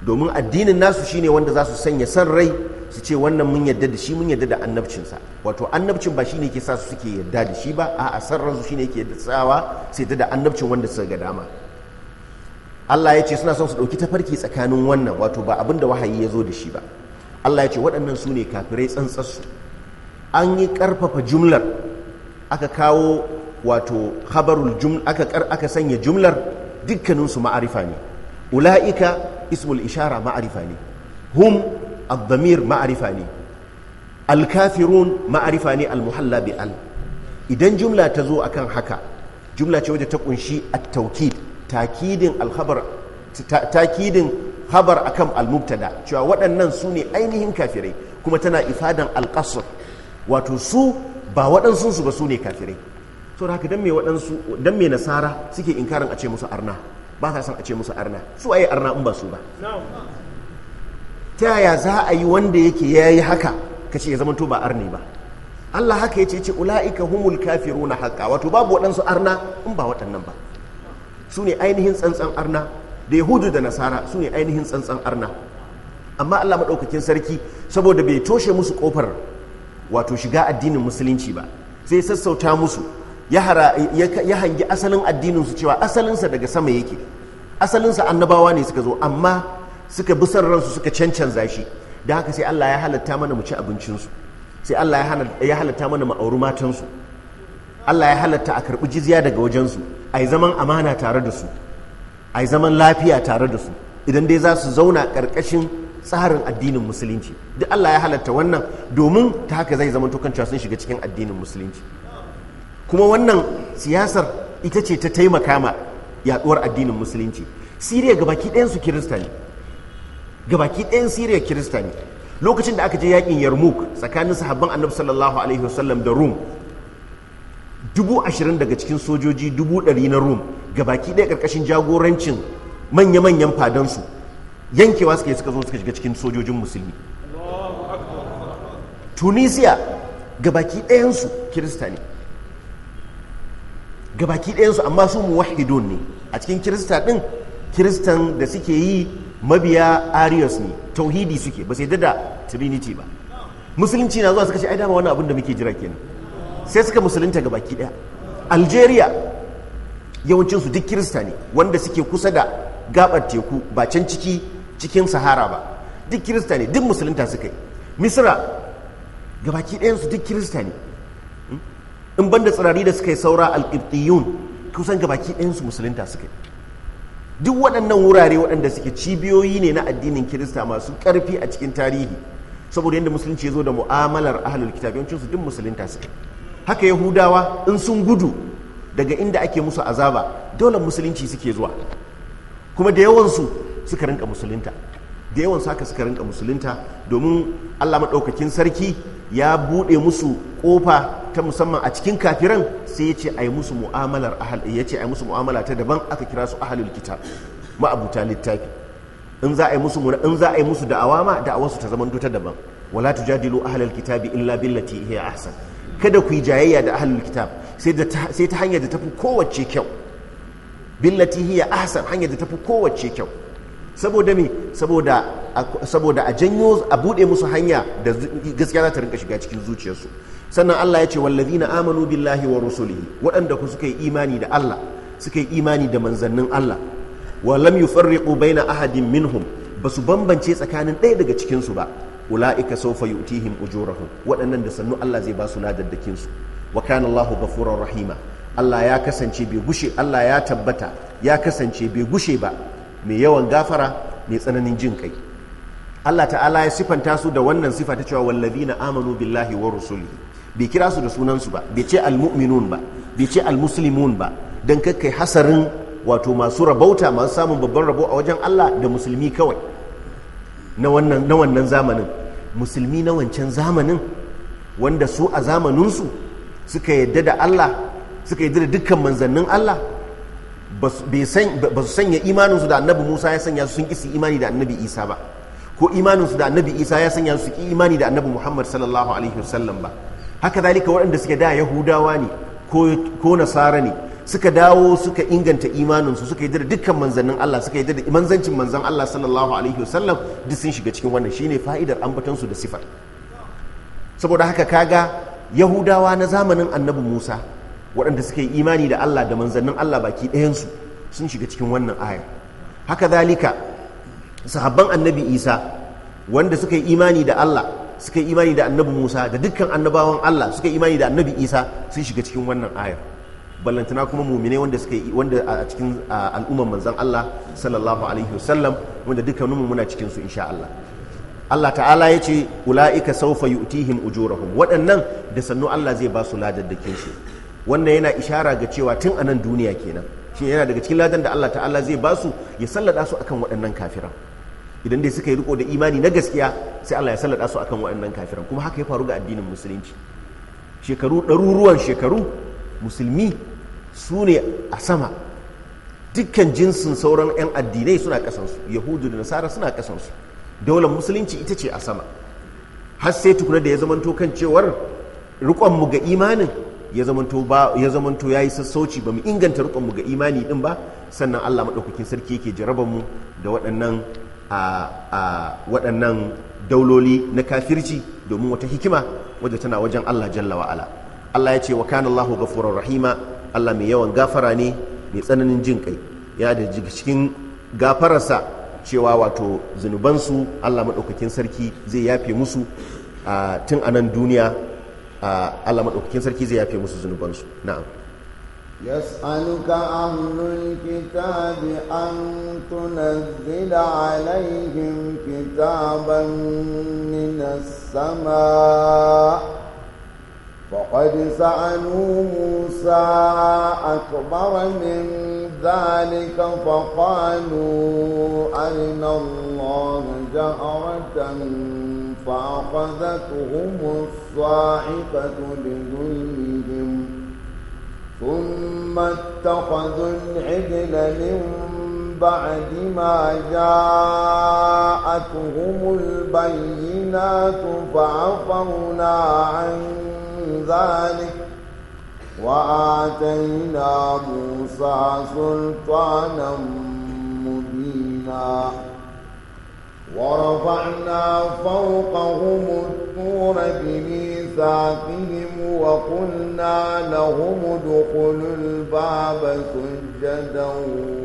domin addinin nasu shine wanda za su sanya san rai su ce wannan mun yadda da shi mun yadda da annabcinsa wato annabcin ba shine ke sa su suke yadda da shi ba a san ransu shine ke tsawa sai da annabcin wanda suka ga dama Allah ya ce suna son su ɗauki tafarki tsakanin wannan wato ba abin da wahayi ya zo da shi ba Allah ya ce waɗannan su ne kafirai tsantsarsu an yi ƙarfafa jumlar aka kawo wato khabarul jumla aka sanya jumlar dukkaninsu ma'arifa ne ula'ika ismul ishara ma'arifa ne hum الضمير معرفة ني الكافرون معرفة ني المحلى بأل إذن جملة تزو أكن حكا جملة وجه تكون شيء التوكيد تأكيد الخبر تأكيد خبر أكم المبتدا شو وأن سوني أينهم كافرين كما تنا إفادا القصر وتسو با وأن سنسو بسوني كافرين saboda haka dan me waɗansu dan me nasara suke inkarin a ce musu arna ba sa son a ce musu arna su ayi arna in ba su ba ta yaya za a yi wanda yake ya yi haka ka ce ya zama to ba arni ba Allah haka ya ce ce ula'ika humul kafiru na haka wato babu waɗansu arna in ba waɗannan ba su ne ainihin tsantsan arna da yahudu da nasara su ne ainihin tsantsan arna amma Allah maɗaukakin sarki saboda bai toshe musu ƙofar wato shiga addinin musulunci ba sai sassauta musu ya hangi asalin addinin su cewa asalinsa daga sama yake asalinsa annabawa ne suka zo amma suka bi son ransu suka cancanza shi da haka sai Allah ya halatta mana mu ci abincinsu sai Allah ya halatta mana ma'auru auri matansu Allah ya halatta a karɓi jizya daga wajensu a yi zaman amana tare da su a yi zaman lafiya tare da su idan dai za su zauna karkashin tsarin addinin musulunci duk Allah ya halatta wannan domin ta haka zai zama tokan sun shiga cikin addinin musulunci kuma wannan siyasar ita ce ta taimaka ma yaɗuwar addinin musulunci siriya gabaki ɗayansu kirista ne gabaki ɗayan siriya kirista ne lokacin da aka je yakin yarmouk tsakanin sahabban annabi sallallahu alaihi wasallam da rum dubu ashirin daga cikin sojoji dubu ɗari na rum gabaki ɗaya ƙarƙashin jagorancin manya-manyan fadansu yankewa suka yi suka zo suka shiga cikin sojojin musulmi tunisia gabaki ɗayansu kirista ne gabaki ɗayansu amma su mu muwahidon ne a cikin kirista ɗin kiristan da suke yi mabiya arius ne tauhidi suke ba sai da trinity ba musulunci na zuwa suka ce ai dama wannan abin da muke jira kenan sai suka musulunta ga baki daya algeria yawancinsu duk kirista ne wanda suke kusa da gabar teku ba can ciki cikin sahara ba duk kirista ne duk musulunta suka yi misra gabaki su duk kirista ne hmm? in banda tsirari da suka yi saura alƙibtiyun kusan gabaki su musulunta suka yi duk waɗannan wurare waɗanda suke cibiyoyi ne na addinin kirista masu ƙarfi a cikin tarihi saboda yadda musulunci ya zo da mu'amalar ahalul kitab yawancin su duk musulunta suke haka yahudawa in sun gudu daga inda ake musu azaba dole musulunci suke zuwa kuma da yawansu suka rinka musulunta da yawan saka suka rinka musulunta domin allah maɗaukakin sarki ya buɗe musu ƙofa ta musamman a cikin kafiran sai ya ce a yi musu mu'amalar ahal ya ce a yi musu mu'amala ta daban aka kira su ahalul kitab ma'abuta littafi in za a yi musu in za a yi musu da'awa ma da'awar su ta zaman ta daban wala tujadilu ahlal kitabi illa billati hiya ahsan kada ku yi jayayya da ahlul kitab sai ta hanyar da tafi kowace kyau billati hiya ahsan hanyar da tafi kowace kyau saboda mi saboda a janyo a bude musu hanya da gaskiya za ta rinka shiga cikin zuciyarsu sannan Allah ya ce na amanu billahi wa rusulihi waɗanda ku suka yi imani da Allah suka yi imani da manzannin Allah wa lam yufarriqu baina ahadin minhum Ba su bambance tsakanin ɗaya daga cikin su ba ula'ika sawfa yu'tihim ujurahum waɗannan da sannu Allah zai ba su ladaddakin su wa kana ghafurur rahima Allah ya kasance bai gushe Allah ya tabbata ya kasance bai gushe ba mai yawan gafara mai tsananin jin kai Allah ta'ala ya sifanta su da wannan sifa ta cewa na amanu billahi wa rusulihi bai kira su da sunan su ba bai ce almu'minun ba bai ce almuslimun ba dan kai hasarin wato masu rabauta masu samun babban rabo a wajen Allah da musulmi kawai na wannan na wannan zamanin musulmi na wancan zamanin wanda su a zamaninsu suka yadda da Allah suka yadda da dukkan manzannin Allah ba su sanya imaninsu da annabi musa ya sanya su sun kisi imani da annabi isa ba ko imaninsu da annabi isa ya sanya su ki imani da annabi muhammad sallallahu alaihi wasallam ba haka zalika waɗanda suke da yahudawa ne ko nasara ne suka dawo suka inganta imaninsu suka yi da dukkan manzannin Allah suka yi da manzancin manzan Allah sallallahu alaihi wasallam duk sun shiga cikin wannan shine fa'idar ambatansu da sifar saboda haka kaga yahudawa na zamanin annabi musa waɗanda suka yi imani da Allah da manzannin Allah baki ɗayansu sun shiga cikin wannan aya haka zalika sahabban annabi isa wanda suka yi imani da Allah suka yi imani da annabi musa da dukkan annabawan Allah suka yi imani da annabi isa sun shiga cikin wannan ayar ballantana kuma mumine wanda suka yi wanda a cikin al'umman manzan Allah sallallahu alaihi wasallam wanda dukkaninmu muna cikin su insha Allah Allah ta'ala ya ce ula'ika saufa yu'tihim ujurahum waɗannan da sannu Allah zai ba su da kinsu wannan yana ishara ga cewa tun a nan duniya kenan shi yana daga cikin ladan da Allah ta'ala zai ba su ya sallada su akan waɗannan kafiran idan dai suka yi riko da imani na gaskiya sai Allah ya sallada su akan waɗannan kafiran kuma haka ya faru ga addinin musulunci shekaru ɗaruruwan shekaru musulmi su ne a sama dukkan jinsin sauran 'yan addinai suna su, yahudu da nasara suna kasansu daular musulunci ita ce a sama har sai tukuna da ya zamanto kan cewar riƙonmu ga imanin ya zamanto ya yi sassauci ba mu inganta rukunmu ga imani din ba sannan allah maɗaukakin sarki yake jarabar mu da waɗannan waɗannan dauloli na kafirci domin wata hikima wadda tana wajen allah jalla wa'ala allah ya ce wa kana allahu gafurar rahima allah mai yawan gafara ne mai tsananin jin kai ya da cikin gafararsa cewa wato zunubansu allah maɗaukakin sarki zai yafe musu tun a nan duniya Allah maɗaukakin sarki zai yafe musu zunubansu na'am yas'aluka ahlul kitabi an tunazzila alaihim kitaban min as-sama فقد سألوا موسى أكبر من ذلك فقالوا أرنا الله جهرة فأخذتهم الصاعقة بظلمهم ثم اتخذوا العجل من بعد ما جاءتهم البينات فعفونا عن ذلك وآتينا موسى سلطانا مبينا ورفعنا فوقهم الطور بميثاقهم وقلنا لهم ادخلوا الباب سجدا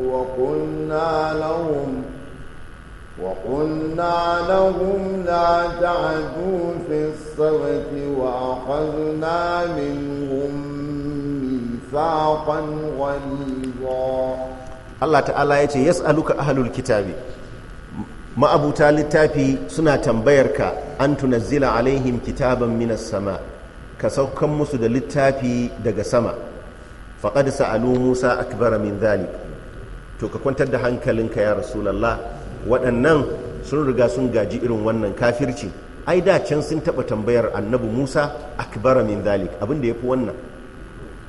وقلنا لهم وقلنا لهم لا تعدوا في الصغة وأخذنا منهم ميثاقا غليظا الله تعالى يتي يسألك أهل الكتاب ma'abuta littafi suna tambayar ka an tunazzila alaihim kitaban minas sama ka saukan musu da littafi daga sama faqad sa'alu musa akbara min zalik. to ka kwantar da hankalinka ya rasulallah waɗannan sun riga sun gaji irin wannan kafirci ai da can sun taɓa tambayar annabi musa akbara min zalik. abin da ya fi wannan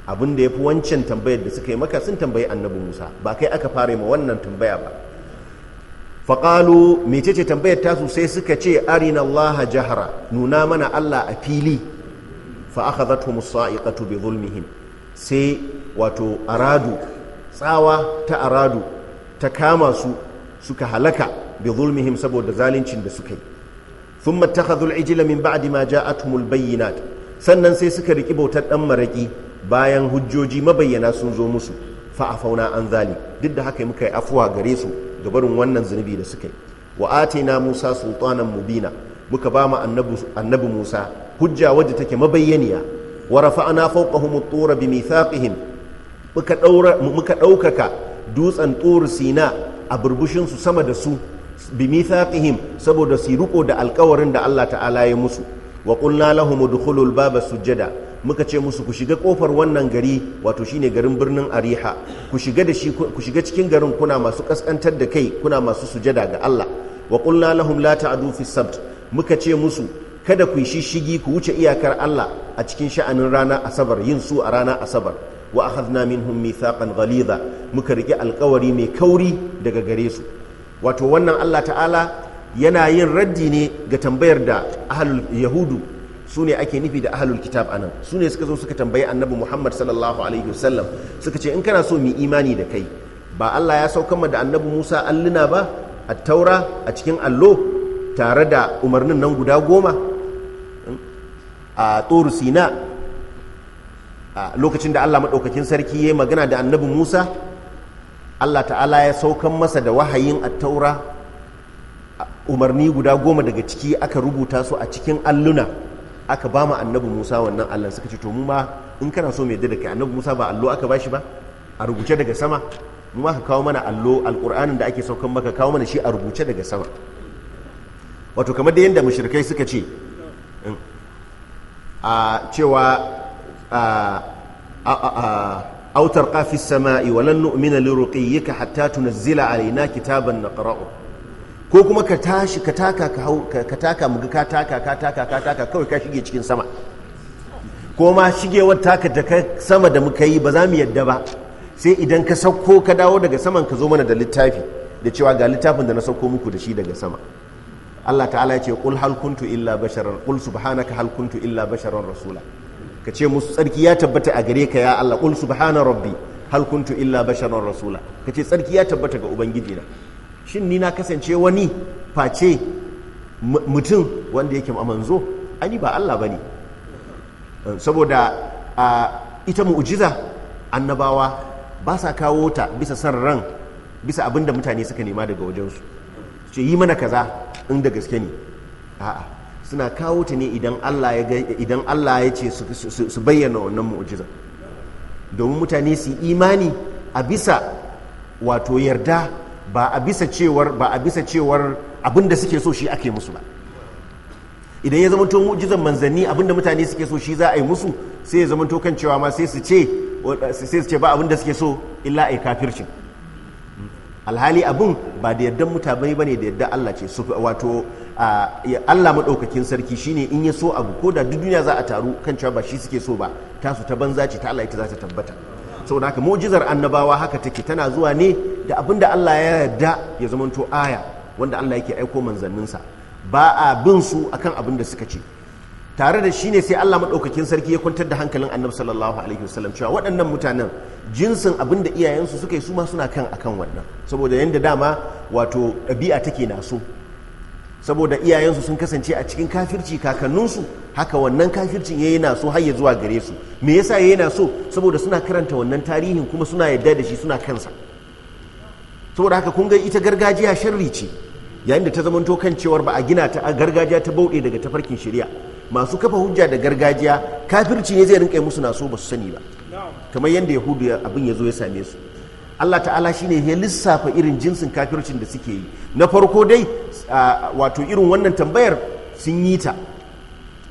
abin ya fi wancan tambayar da suka yi maka sun tambayi annabi musa ba kai aka fara ma wannan tambaya ba faƙalu mecece tambayar tasu sai suka ce arina Allah jahara nuna mana Allah a fili fa aka zato musa'iqatu bi zulmihim sai wato aradu tsawa ta aradu ta kama su suka halaka bi zulmihim saboda zaluncin da suka yi sun mattakhadhul ijla min ba'di ma ja'atuhumul bayyinat sannan sai suka riki bautar dan maraƙi bayan hujjoji mabayyana sun zo musu fa'afauna an zali duk da haka muka yi afuwa gare su ga barin wannan zunubi da suka yi wa atina musa sultanan mubina muka ba mu annabi musa hujja wadda take mabayyaniya wa rafa'ana fawqahum at-tura bi mithaqihim muka daura muka daukaka dutsen tur sina a burbushin su sama da su bi mithaqihim saboda su riko da alkawarin da Allah ta'ala ya musu wa qulna lahum udkhulul baba sujjada muka ce musu ku shiga kofar wannan gari wato shine garin birnin ariha ku shiga da shi ku shiga cikin garin kuna masu kaskantar da kai kuna masu sujada ga Allah wa qulna lahum la ta'du fi sabt muka ce musu kada ku yi shishigi ku wuce iyakar Allah a cikin sha'anin rana asabar yin su a rana asabar wa akhadna minhum mithaqan ghalidha muka rike alkawari mai kauri daga gare su wato wannan Allah ta'ala yana yin raddi ne ga tambayar da ahlul yahudu su ne ake nufi da ahalul kitab anan su ne suka zo suka tambayi annabi muhammad sallallahu alaihi wasallam suka ce in kana so mu imani da kai ba allah ya ma da annabi musa alluna ba a taura a cikin allo tare da umarnin nan guda goma hmm? a tsoro sina a lokacin da allah maɗaukakin sarki ya magana da annabi musa allah ta'ala ya saukan masa da wahayin a taura umarni guda goma daga ciki aka rubuta su a cikin alluna aka ba mu annabi musa wannan allah suka ce to mu ma in kana so mai da kai annabi musa ba allo aka bashi ba a rubuce daga sama mu ma ka kawo mana allo alƙur'anin da ake saukan maka kawo mana shi a rubuce daga sama wato kamar da yadda mushrikai suka ce a cewa autar kafis sama'i walan nu'mina liruqiyyika hatta tunazzila alaina kitaban naqra'u ko kuma ka tashi ka taka ka hau ka taka muga ka taka ka taka ka taka kawai ka shige cikin sama ko ma shigewar taka da ka sama da muka yi ba za mu yadda ba sai idan ka sauko ka dawo daga saman ka zo mana da littafi da cewa ga littafin da na sauko muku da shi daga sama Allah ta'ala ya ce qul hal kuntu illa basharan qul subhanaka hal kuntu illa basharan rasula ka ce musu tsarki ya tabbata a gare ka ya Allah qul subhana rabbi hal kuntu illa basharan rasula ka ce tsarki ya tabbata ga ubangiji na shin ni na kasance wani face mutum wanda yake manzo ani ba Allah bane saboda a ita mu'jiza annabawa ba sa kawo ta bisa san ran bisa abin da mutane suka nema daga wajensu ce yi mana kaza in da gaske ne a'a suna kawo ta ne idan Allah ya ce su bayyana wannan mu'jiza domin mutane su imani a bisa wato yarda ba a bisa cewar ba a bisa cewar abinda suke so shi ake musu ba idan ya zamanto mu'jizan manzanni abinda mutane suke so shi za a yi musu sai ya zamanto kan cewa ma sai su ce sai su ce ba abinda suke so illa ai kafircin alhali abin ba da yardan mutane bane da yadda Allah ce wato Allah madaukakin sarki shine in ya so abu ko da duk duniya za a taru kan cewa ba shi suke so ba tasu ta banza ce ta Allah ita za ta tabbata saboda haka mu'jizar annabawa haka take tana zuwa ne da abin da Allah ya yarda ya zamanto aya wanda Allah yake aiko manzanninsa ba a bin su akan abin da suka ce tare da shi ne sai Allah maɗaukakin sarki ya kwantar da hankalin annabi sallallahu alaihi wasallam cewa waɗannan mutanen jinsin abin da iyayensu suka yi su ma suna kan akan wannan saboda yanda dama wato ɗabi'a take na saboda iyayensu sun kasance a cikin kafirci kakanninsu haka wannan kafircin ya na so har ya zuwa gare su me yasa ya yana so saboda suna karanta wannan tarihin kuma suna yadda da shi suna kansa saboda haka kun ga ita gargajiya sharri ce yayin da ta zamanto kan cewar ba a gina ta a gargajiya ta bauɗe daga tafarkin shari'a masu kafa hujja da gargajiya kafirci ne zai rinka musu na so ba su sani ba kamar yadda yahudu abin ya zo ya same su Allah ta'ala shine ya lissafa irin jinsin kafircin da suke yi na farko dai wato irin wannan tambayar sun yi ta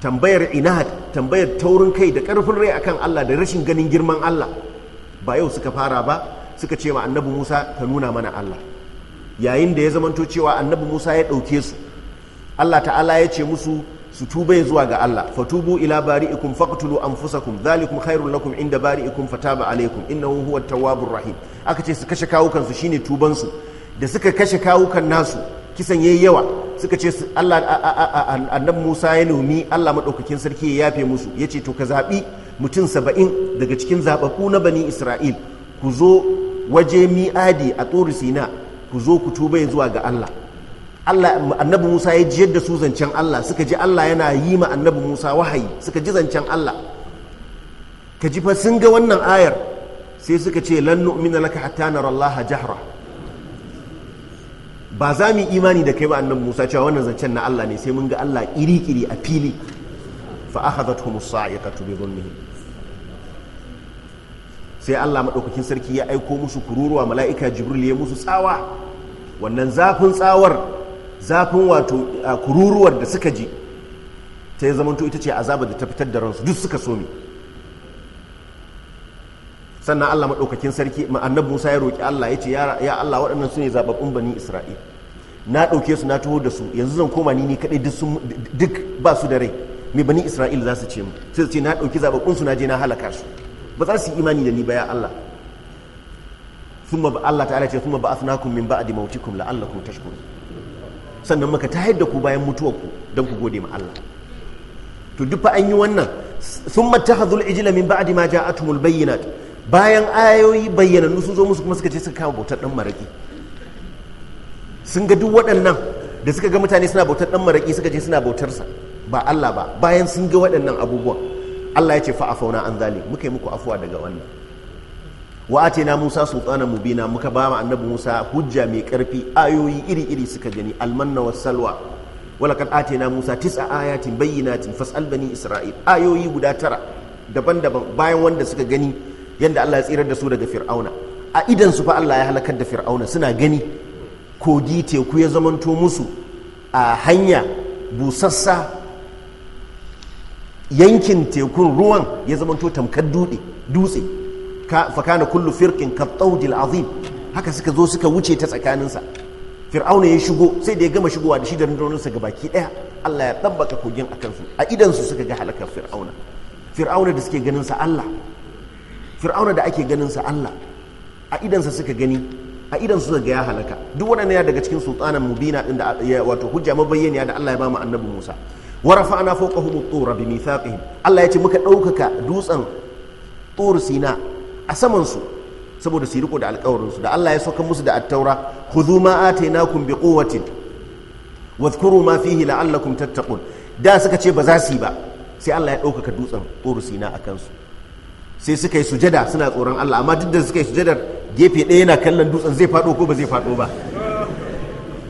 tambayar inahat tambayar taurin kai da ƙarfin rai akan Allah da rashin ganin girman Allah ba yau suka fara ba suka ce wa annabi Musa ka nuna mana Allah yayin da ya zamanto cewa annabi Musa ya ɗauke su Allah ta'ala ya ce musu su tuba zuwa ga Allah fatubu ila bari'ikum faqtulu anfusakum dhalikum khairul lakum inda bari'ikum fataba alaykum innahu huwa tawwabur rahim aka ce su kashe kawukan su shine tuban su da suka kashe kawukan nasu kisan ya yi yawa suka ce Allah annabi Musa ya nomi Allah madaukakin sarki ya yafe musu yace to ka zabi mutum saba'in daga cikin zababbu na bani Isra'il ku zo waje mi'adi a tsori sina ku zo ku tuba zuwa ga Allah Allah annabi Musa ya ji yadda su zancen Allah suka ji Allah yana yi ma annabi Musa wahayi suka ji zancen Allah ka ji fa sun ga wannan ayar sai suka ce lan nu'mina laka hatta nara Allah jahra ba za mu imani da kai ba annabi Musa cewa wannan zancen na Allah ne sai mun ga Allah kiri kiri a fili fa akhadhatuhum as-sa'iqatu bi dhunnihim sai Allah madaukakin sarki ya aiko musu kururuwa mala'ika Jibril ya musu tsawa wannan zafin tsawar zafin wato kururuwar da suka ji ta ya zamanto ita ce azaba da ta fitar da ransu duk suka so sannan Allah maɗaukakin sarki annabi Musa ya roƙi Allah ya ce ya Allah waɗannan su ne zaɓaɓɓun bani israila na ɗauke su na taho da su yanzu zan koma ni ni kaɗai duk ba su da rai mai bani isra'il za su ce mu sai su ce na ɗauki zaɓaɓɓun su na je na halaka su ba za su yi imani da ni ba ya allah ba allah ta'ala ce suna kun min ba'di mautikum la'allakum tashkurun sannan muka haid da ku bayan mutuwar ku don ku gode ma allah to duk fa an yi wannan thumma hazul ijila min di ma ja'atumul bayyana bayan ayoyi bayyana sun zo musu kuma suka ce suka kama bautar dan maraki sun ga duk waɗannan da suka ga mutane suna bautar ɗan maraƙi suka je suna bautarsa ba Allah ba bayan sun ga waɗannan abubuwan Allah ya ce fa afauna an zali muka yi muku afuwa daga wannan wa atina Musa mu mubina muka ba mu annabi Musa hujja mai karfi ayoyi iri iri suka gani almanna was salwa walaqad atina Musa tis'a ayatin bayyinatin fas'al bani isra'il ayoyi guda tara daban-daban bayan wanda suka gani yanda Allah ya tsirar da su daga fir'auna a idan su fa Allah ya halakar da fir'auna suna gani kogi teku ya zamanto musu a hanya busassa yankin tekun ruwan ya zamanto tamkar dutse fakana kullu firkin kattaudil azim haka suka zo suka wuce ta tsakaninsa fir'auna ya shigo sai da ya gama shigowa da shi da rundunarsa ga baki daya allah ya ɗabbaka kogin a kansu a idansu suka ga halakar fir'auna fir'auna da suke ganinsa allah fir'auna da ake ganinsa allah a idansa suka gani a idan su ga ya halaka duk waɗannan ya daga cikin sultanan mubina din da wato hujja mabayyaniya da Allah ya ba mu annabi Musa wa rafa'na fawqahum at-tur bi mithaqihim Allah ya ce muka ɗaukaka dutsen tur sina a saman su saboda su riko da alƙawarin su da Allah ya soka musu da at-taura khudhu ma atainakum bi quwwatin wadhkuru ma fihi la'allakum tattaqun da suka ce ba za su yi ba sai Allah ya ɗaukaka dutsen tur sina a kansu sai suka yi sujada suna tsoron Allah amma duk da suka yi sujadar gefe ɗaya yana kallon dutsen zai faɗo ko ba zai faɗo ba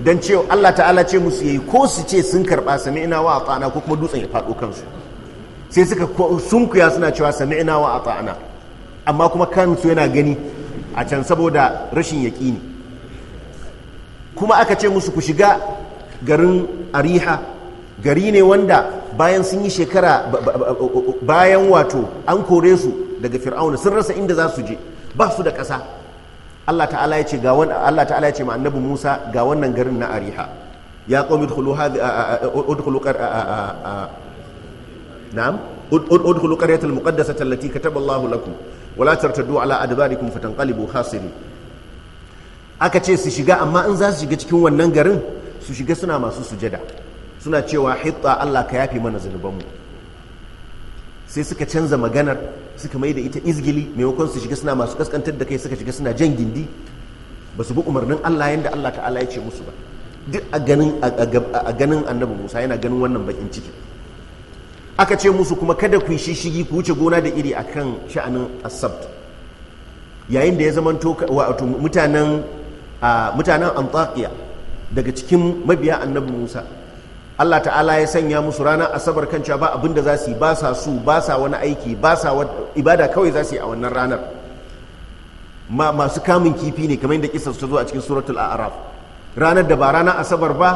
dan ce Allah ta'ala ce musu yayi ko su ce sun karɓa sami'na wa ata'ana ko kuma dutsen ya faɗo kansu sai suka kuya suna cewa sami'na wa ata'ana amma kuma kansu yana gani a can saboda rashin yaƙini kuma aka ce musu ku shiga garin ariha gari ne wanda bayan sun yi shekara bayan wato an kore su daga fir'auna sun rasa inda za su je ba su da ƙasa Allah ta'ala ya ce ga wannan Allah ta'ala ya ce ma annabi Musa ga wannan garin na Ariha ya qaumi udkhulu hadhi udkhulu qar na'am udkhulu qaryatal muqaddasata allati kataba Allahu lakum wala tartaddu ala adbarikum fatanqalibu khasirin aka ce su shiga amma in za su shiga cikin wannan garin su shiga suna masu sujada suna cewa hitta Allah ka yafe mana zunubanmu sai suka canza maganar suka mai da ita izgili maimakon su shiga suna masu kaskantar da kai suka shiga suna jan gindi ba su bi umarnin Allah yadda Allah ta'ala ya ce musu ba duk a ganin a annabi Musa yana ganin wannan bakin ciki aka ce musu kuma kada ku yi shigi ku wuce gona da iri akan sha'anin asabt yayin da ya zamanto wato mutanen mutanen antakiya daga cikin mabiya annabi Musa Allah ta'ala ya sanya musu ranar asabar kan cewa ba abin da za su yi ba sa su ba sa wani aiki ba sa ibada kawai za su yi a wannan ranar masu kamun kifi ne kamar yadda kisar ta zo a cikin suratul a'raf ranar da ba ranar asabar ba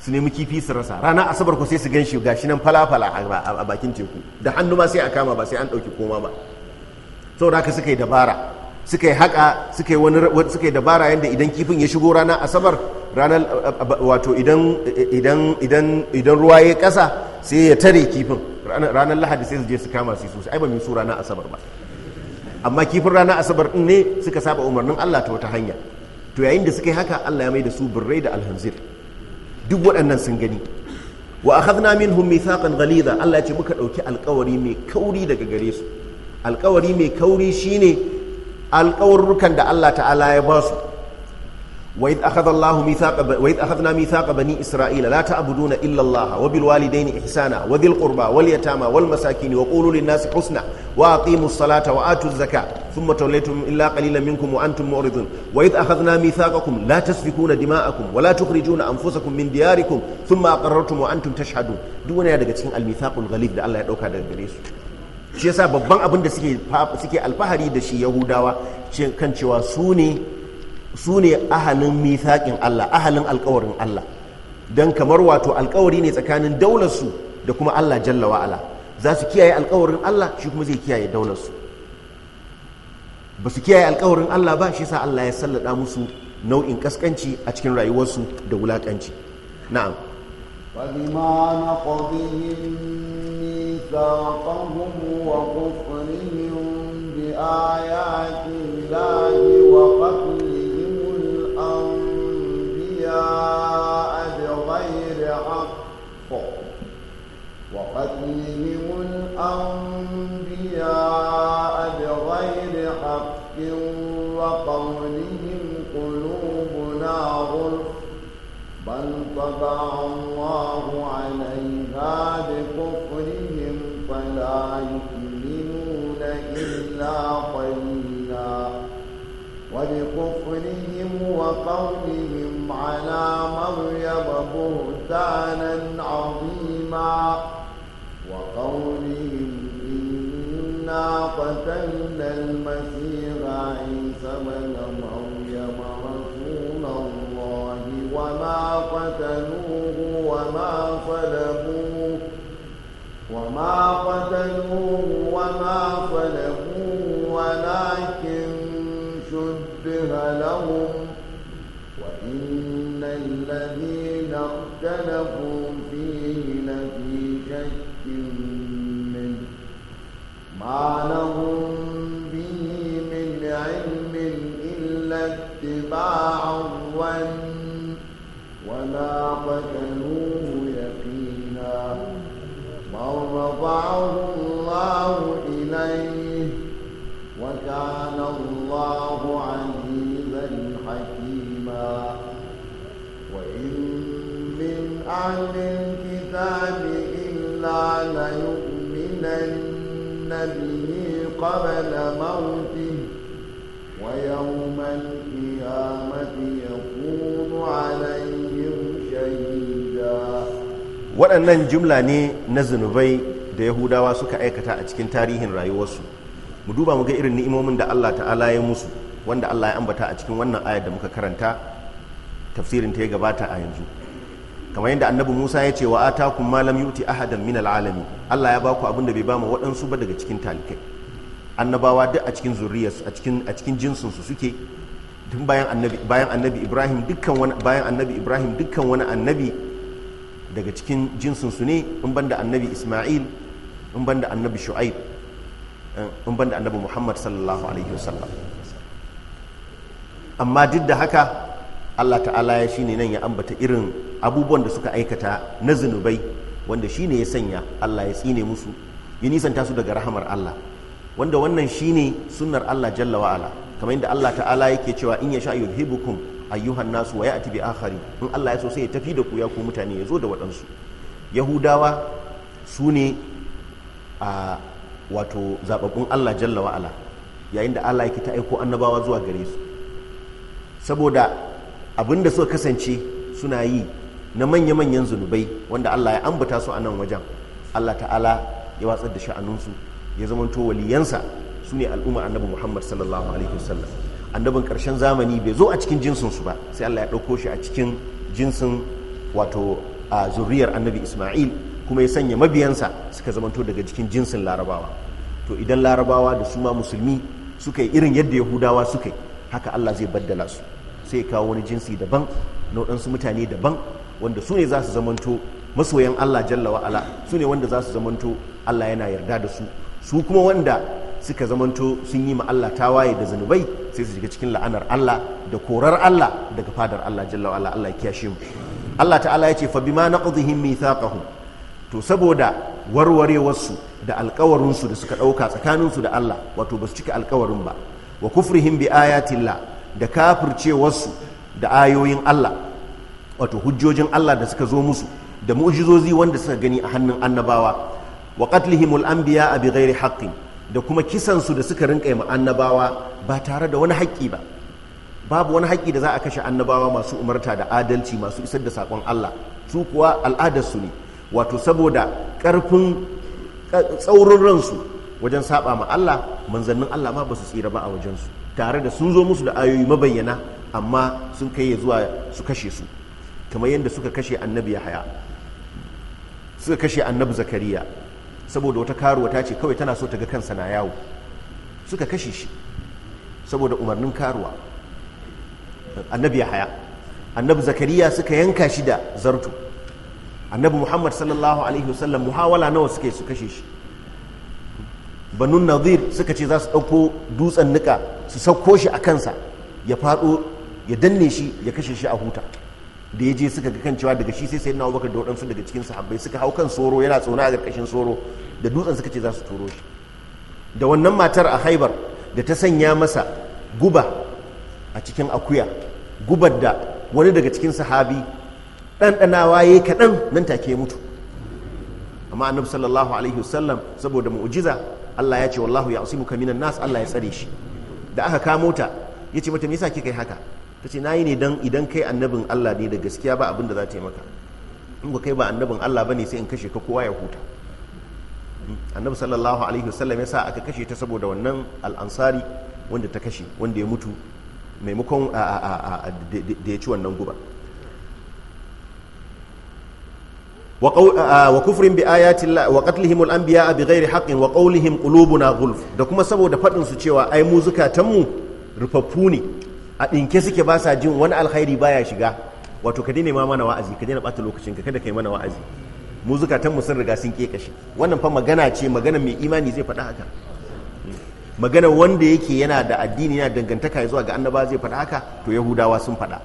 su nemi kifi su rasa ranar asabar ko sai su gan shi gashi nan falafala a bakin teku da hannu ma sai a kama ba sai an ɗauki koma ba saboda haka suka yi dabara suka yi haka suka yi wani yi dabara yadda idan kifin ya shigo ranar asabar ranar wato idan ruwa ya kasa sai ya tare kifin ranar lahadi sai su je su kama su sosai ai ba su ranar asabar ba amma kifin ranar asabar ɗin ne suka saba umarnin Allah ta wata hanya to yayin da suka yi haka Allah ya mai da su birrai da alhanzir duk waɗannan sun gani wa akhadna minhum mithaqan ghalidha Allah ya ce muka ɗauki alƙawari mai kauri daga gare su alƙawari mai kauri shine alƙawarrukan da Allah ta'ala ya ba su wa idh akhadha Allahu mithaqa wa idh akhadna bani Isra'ila la ta'buduna illa Allah wa bil walidayni ihsana wa dhil qurba wal yatama wal masakin wa qulu lin nasi husna wa aqimus salata wa atuz zakata thumma tawlaytum illa qalilan minkum wa antum mu'ridun wa idh akhadna mithaqakum la tasfikuna dima'akum wa la tukhrijuna anfusakum min diyarikum thumma aqarrartum wa antum tashhadun duk wani daga cikin al mithaqul ghalid da Allah ya dauka daga gare su shi yasa babban abin da suke alfahari da shi yahudawa kan cewa su ne su ne ahalin mithaƙin Allah ahalin alkawarin Allah don kamar wato alkawari ne tsakanin daularsu da kuma Allah jalla wa'ala za su kiyaye alƙawarin Allah shi kuma zai kiyaye daularsu ba su kiyaye alkawarin Allah ba shi sa Allah ya sallada musu nau'in kaskanci a cikin rayuwarsu da wulaƙanci na'am ميثاقهم وكفرهم بآيات الله وقتلهم الأنبياء بغير حق وقتلهم قومهم على مريم بهتانا عظيما وقولهم إنا قتلنا المسيح عيسى بن مريم رسول الله وما قتلوه وما صلبوه وما قتلوه وما صلبوه ولكن شبه لهم الذين اختلفوا فيه لفي شك منه ما لهم به من علم إلا اتباع الظن وما قتلوه يقينا بل رفعه الله إليه وكان الله عليم أهل الكتاب إلا ليؤمنن به قبل موته ويوم القيامة يكون عليهم شهيدا waɗannan jumla ne na zunubai da yahudawa suka aikata a cikin tarihin rayuwarsu mu duba mu ga irin ni'imomin da allah ta'ala ya musu wanda allah ya ambata a cikin wannan ayar da muka karanta tafsirin ta ya gabata a yanzu kamar yadda annabi Musa ya ce wa atakum ma lam yuti ahadan min alalami Allah ya baku abin da bai ba waɗansu ba daga cikin talikai annabawa duk a cikin zuriyarsu a cikin a cikin suke tun bayan annabi bayan annabi Ibrahim dukkan wani bayan annabi Ibrahim dukkan wani annabi daga cikin jinsinsu ne in banda annabi Isma'il in banda annabi Shu'aib eh, in banda annabi Muhammad sallallahu alaihi wasallam amma duk da haka Allah ta'ala ya shine nan ya ambata irin abubuwan da suka aikata na zunubai wanda shi ne ya sanya Allah ya tsine musu ya nisanta su daga rahamar Allah wanda wannan shi ne sunnar Allah jalla wa ala kamar yadda Allah ta'ala yake cewa in ya sha yasha yulhibukum ayyuhan nasu wa ya'ti bi akhari in Allah ya so sai ya tafi da ku ya ku mutane ya zo da waɗansu yahudawa su ne a wato zababbun Allah jalla wa ala yayin da Allah yake ta aiko annabawa zuwa gare su saboda abin da suka kasance suna yi na manya-manyan zunubai wanda Allah ya ambata su a nan wajen Allah ta'ala ya watsar da sha'anunsu ya zama to waliyansa su ne al'umma annabi Muhammad sallallahu alaihi wasallam annabin karshen zamani bai zo a cikin jinsinsu ba sai Allah ya ɗauko shi a cikin jinsin wato a zuriyar annabi Ismail kuma ya sanya mabiyansa suka zamanto daga cikin jinsin larabawa to idan larabawa da su ma musulmi suka yi irin yadda yahudawa suka yi haka Allah zai baddala su sai ya kawo wani jinsi daban na waɗansu mutane daban wanda su ne za su zamanto masoyan Allah jalla wa'ala su ne wanda za su zamanto Allah yana yarda da su su kuma wanda suka zamanto sun yi ma Allah tawaye da zanubai sai su shiga cikin la'anar Allah da korar Allah daga fadar Allah jalla wa'ala Allah ya kiyashe mu Allah ta'ala ya ce fa bima naqdihim mithaqahum to saboda warwarewarsu da alkawarinsu da suka ɗauka su da Allah wato ba su cika alkawarin ba wa kufrihim bi ayatillah da kafircewarsu da ayoyin Allah wato hujjojin Allah da suka zo musu da mu'jizozi wanda suka gani a hannun annabawa wa qatlihimul anbiya bi ghairi haqqin da kuma kisan su da suka rinka yi annabawa ba tare da wani haƙƙi ba babu wani haƙƙi da za a kashe annabawa masu umarta da adalci masu isar da saƙon Allah su kuwa al'adar su ne wato saboda ƙarfin tsaurin ransu wajen saba ma Allah manzannin Allah ma ba su tsira ba a wajensu tare da sun zo musu da ayoyi mabayyana amma sun kai zuwa su kashe su kamar yadda suka kashe annabi haya suka kashe annabi zakariya saboda wata karuwa ta ce kawai tana so ta ga kansa na yawo suka kashe shi saboda umarnin karuwa annabi haya annabi zakariya suka yanka shi da zartu annabi muhammad sallallahu alaihi wasallam muhawala nawa suke su kashe shi banu nadir suka ce za su ɗauko dutsen nika su sauko shi a kansa ya faɗo ya danne shi ya kashe shi a huta da ya je suka ga kan cewa daga shi sai sayyidina Abubakar da waɗansu daga cikin sahabbai suka hau kan soro yana tsona a ƙarƙashin soro da dutsen suka ce za su turo shi da wannan matar a Haibar da ta sanya masa guba a cikin akuya gubar da wani daga cikin sahabi ɗanɗanawa ya yi kaɗan nan take mutu amma annabi sallallahu alaihi wasallam saboda mu'jiza Allah ya ce wallahu ya minan nas Allah ya tsare shi da aka kamo ta yace mata me yasa kika yi haka ta ce na yi ne don idan kai annabin Allah ne da gaskiya ba abin da za ta yi maka in ba kai ba annabin Allah ba ne sai in kashe ka kowa ya huta annabi sallallahu alaihi wasallam ya sa aka kashe ta saboda wannan al'ansari wanda ta kashe wanda ya mutu maimakon da ya ci wannan guba wa kufrin bi ayati Allah wa qatlihim al anbiya bi ghairi haqqin wa qawlihim qulubuna ghulf da kuma saboda fadin su cewa ai mu zukatan mu rufaffu ne a ɗinke suke ba sa jin wani alkhairi baya shiga wato ka daina ma mana wa'azi ka daina ɓata lokacinka kada ka yi mana wa'azi mu zukatan mu sun riga sun kekashe wannan fa magana ce magana mai imani zai faɗa haka magana wanda yake yana da addini yana dangantaka zuwa ga annaba zai faɗa haka to yahudawa sun faɗa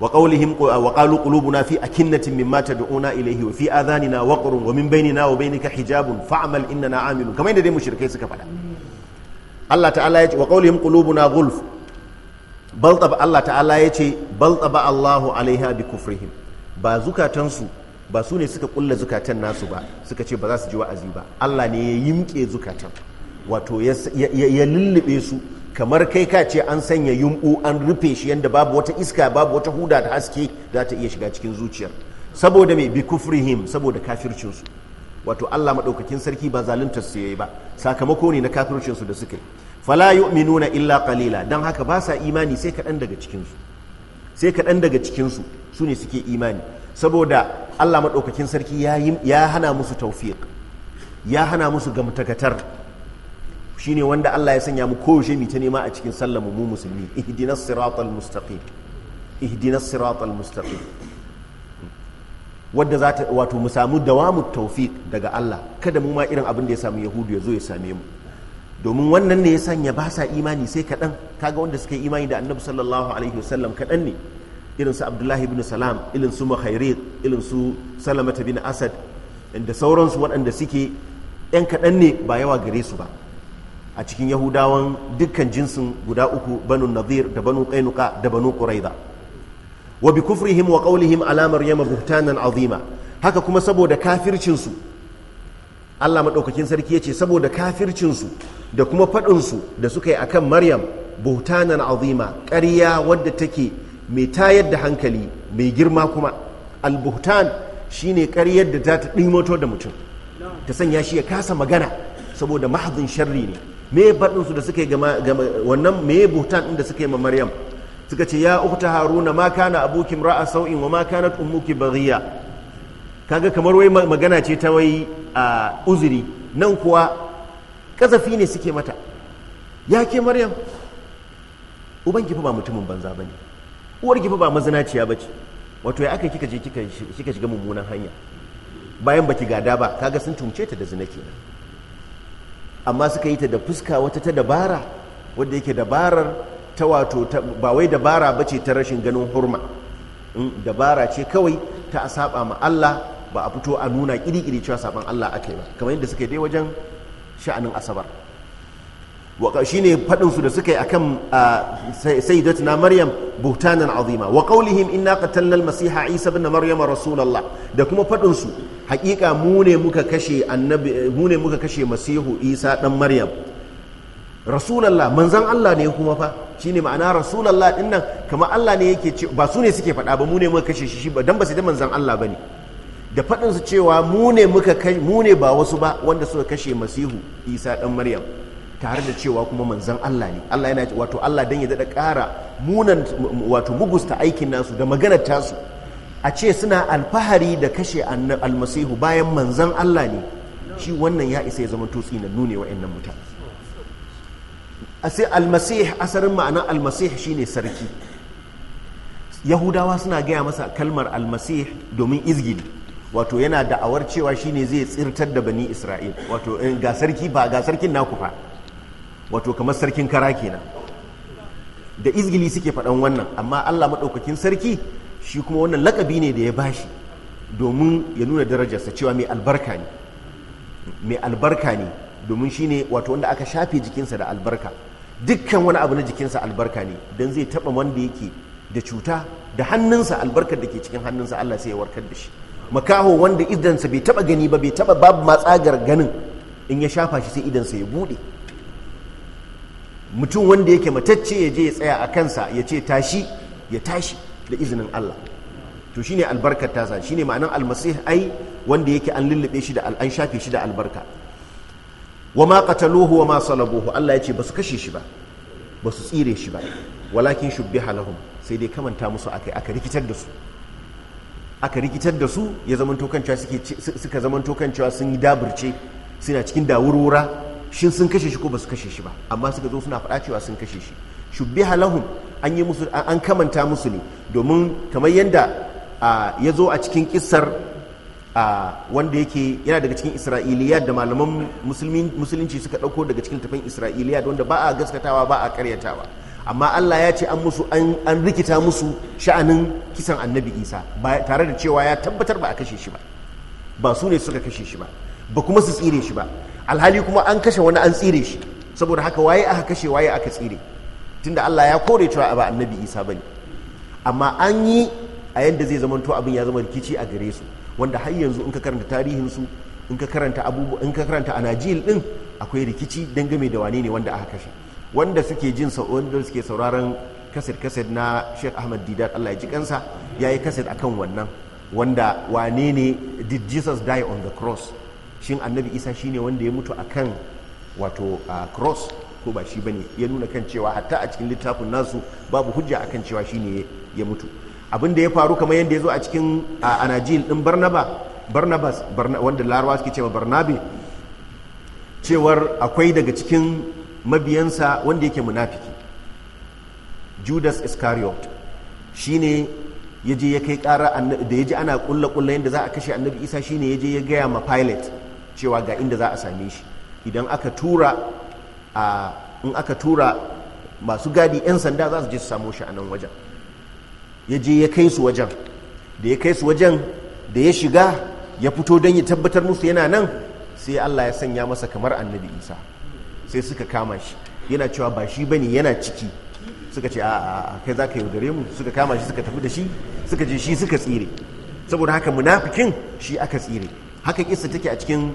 wa qawlihim wa qalu qulubuna fi akinnatin mimma tad'una ilayhi wa fi adhanina waqrun wa min bainina wa bainika hijabun fa'mal innana amilun kamar yadda dai mushrikai suka faɗa Allah ta'ala ya ce wa qawlihim qulubuna ghulf bal ba Allah ta'ala ya ce bal ba Allahu alaiha bi kufrihim ba zukatansu ba su ne suka kulla zukatan nasu ba suka ce ba za su ji wa'azi ba Allah ne ya yimke zukatan wato ya lullube su kamar kai ka ce an sanya yumbu an rufe shi yadda babu wata iska babu wata huda da haske za ta iya shiga cikin zuciyar saboda mai bi kufrihim saboda kafircinsu wato Allah maɗaukakin sarki ba zaluntar su yayi ba sakamako ne na kafircinsu da suka yi fala yu'minuna illa qalila dan haka ba sa imani sai kaɗan daga cikinsu sai kaɗan daga cikinsu su ne suke imani saboda Allah maɗaukakin sarki ya hana musu taufiq ya hana musu gamtakatar ne wanda Allah ya sanya mu koyaushe mu ta nema a cikin sallar mu musulmi ihdinas siratal mustaqim ihdinas siratal mustaqim wadda za ta wato mu samu dawamu tawfiq daga Allah kada mu ma irin abin da ya samu yahudu ya zo ya same mu domin wannan ne ya sanya ba sa imani sai kaɗan kaga wanda suka yi imani da annabi sallallahu alaihi wasallam kaɗan ne irin abdullahi bin salam irin su muhairid irin salamata bin asad da sauransu waɗanda suke yan kaɗan ne ba yawa gare su ba a cikin yahudawan dukkan jinsin guda uku banu nadir da banu kainuka da banu quraiza wa bi kufrihim wa qawlihim alamar maryama buhtanan azima haka kuma saboda kafircinsu. Allah maɗaukakin sarki ya ce saboda kafircinsu da kuma faɗinsu da suka yi akan Maryam bautanan azima ƙarya wadda take mai tayar da hankali mai girma kuma albuhtan shine ƙaryar da za ta ɗimoto da mutum ta sanya shi ya kasa magana saboda mahazin sharri ne me faɗinsu da suka yi wannan me buhtan ɗin da suka yi ma Maryam suka ce ya ukta haruna ma kana abokin ra'a sau'in wa ma kanat ummuki baghiya kaga kamar wai magana ce ta wai uzuri nan kuwa ƙazafi ne suke mata ya ke maryam uban kifa ba mutumin banza ba ne uwar kifa ba mazinaciya ba ce wato ya aka kika kika shiga mummunan hanya bayan baki gada ba kaga sun tumce ta da zina kenan amma suka yi ta da fuska wata ta dabara wadda yake dabarar ta wato ba wai dabara ba ce ta rashin ganin hurma hmm, dabara ce kawai ta a saba ma Allah ba a fito a nuna kirikiri cewa saban Allah ake ba kamar yadda suka dai wajen sha'anin asabar shi ne faɗinsu da suka yi a kan na maryam buhtanan azima wa qawlihim inna qatalna al-masiha isa ibn maryam rasulallah da kuma faɗinsu haƙiƙa mu ne muka kashe annabi mu ne muka kashe masihu isa dan maryam rasulallah manzan Allah ne kuma fa shine ma'ana rasulallah dinnan kamar Allah ne yake ce ba su ne suke faɗa ba mu ne muka kashe shi ba dan ba sai da manzan Allah bane da faɗinsu cewa mu ne muka kai mu ne ba wasu ba wanda suka kashe masihu isa ɗan maryam tare da cewa kuma manzan Allah ne Allah yana wato Allah dan ya daɗa ƙara munan wato mugusta aikin nasu da maganar tasu a ce suna alfahari da kashe almasihu bayan manzan Allah ne shi wannan ya isa ya zama tutsi na nune wa wa'annan mutane sai almasih asarin ma'ana almasih shine sarki yahudawa suna gaya masa kalmar almasih domin izgili wato yana da'awar cewa shine zai tsirtar da bani isra'il wato eh, ga sarki ba ga sarkin naku fa wato kamar sarkin kara kenan da izgili suke faɗan wannan amma allah maɗaukakin sarki shi kuma wannan lakabi ne da ya bashi domin ya nuna darajarsa cewa mai albarka ne mai albarka ne domin ne wato wanda aka shafe jikinsa da albarka dukkan wani abu na jikinsa albarka ne don zai taɓa wanda yake da cuta da hannunsa albarkar da ke cikin hannunsa allah sai ya warkar da shi makaho wanda idansa bai taba gani ba bai taba babu matsagar ganin in ya shafa shi sai idansa ya bude mutum wanda yake matacce ya je ya tsaya a kansa ya ce tashi ya tashi da izinin Allah to shine albarkar tasa shine ma'anar almasih ai wanda yake an lullube shi da an shafe shi da albarka wa ma qataluhu wa ma salabuhu Allah ya ce basu kashe shi ba basu tsire shi ba walakin shubbiha lahum sai dai kamanta musu akai aka rikitar da su aka rikitar da su ya zaman cewa suka zaman cewa sun yi daburce suna cikin dawurwura shin sun kashe shi ko ba su kashe shi ba amma suka zo suna fada cewa sun kashe shi shubi halahun an yi musu an kamanta musu ne domin kamar yadda ya zo a cikin kisar wanda yake yana daga cikin isra'iliya da malaman musulunci suka ɗauko daga cikin tafin isra'iliya wanda ba a gaskatawa ba a karyatawa amma Allah ya ce an musu an rikita musu sha'anin kisan annabi isa ba tare da cewa ya tabbatar ba a kashe shi ba ba su ne suka kashe shi ba ba kuma su tsire shi ba alhali kuma an kashe wani an tsire shi saboda haka waye aka kashe waye aka tsire tunda Allah ya kore cewa ba annabi isa ba ne. amma an yi a yadda zai zamanto abin ya zama rikici a gare su wanda har yanzu in ka karanta tarihin su in ka karanta abubu in ka karanta anajil din akwai rikici dangane da wane ne wanda aka kashe wanda suke jin wanda suke sauraron kaset kaset na Sheikh Ahmad Didat Allah ya ji kansa ya yi kaset akan wannan wanda wane ne did Jesus die on the cross shin annabi Isa shine wanda ya mutu akan wato cross ko ba shi bane ya nuna kan cewa hatta a cikin littafin nasu babu hujja akan cewa shine ya mutu abin da ya faru kamar yadda ya zo a cikin anajil din barnaba barnabas wanda larawa suke cewa barnabe cewar akwai daga cikin mabiyansa wanda yake munafiki judas iscariot ne ya je ya kai kara da ya ji ana kulla kulla yadda za a kashe annabi isa shi ne ya je ya gaya ma pilot cewa ga inda za a same shi idan aka tura a in aka tura masu gadi 'yan sanda za su je su samo shi a nan wajen ya je ya kai su wajen da ya kai su wajen da ya shiga ya fito don ya tabbatar musu yana nan sai allah ya sanya masa kamar annabi isa sai suka kama shi yana cewa ba shi bane yana ciki suka ce a kai za ka yaudare mu suka kama shi suka tafi da shi suka ji shi suka tsire saboda haka munafikin shi aka tsire haka isa take a cikin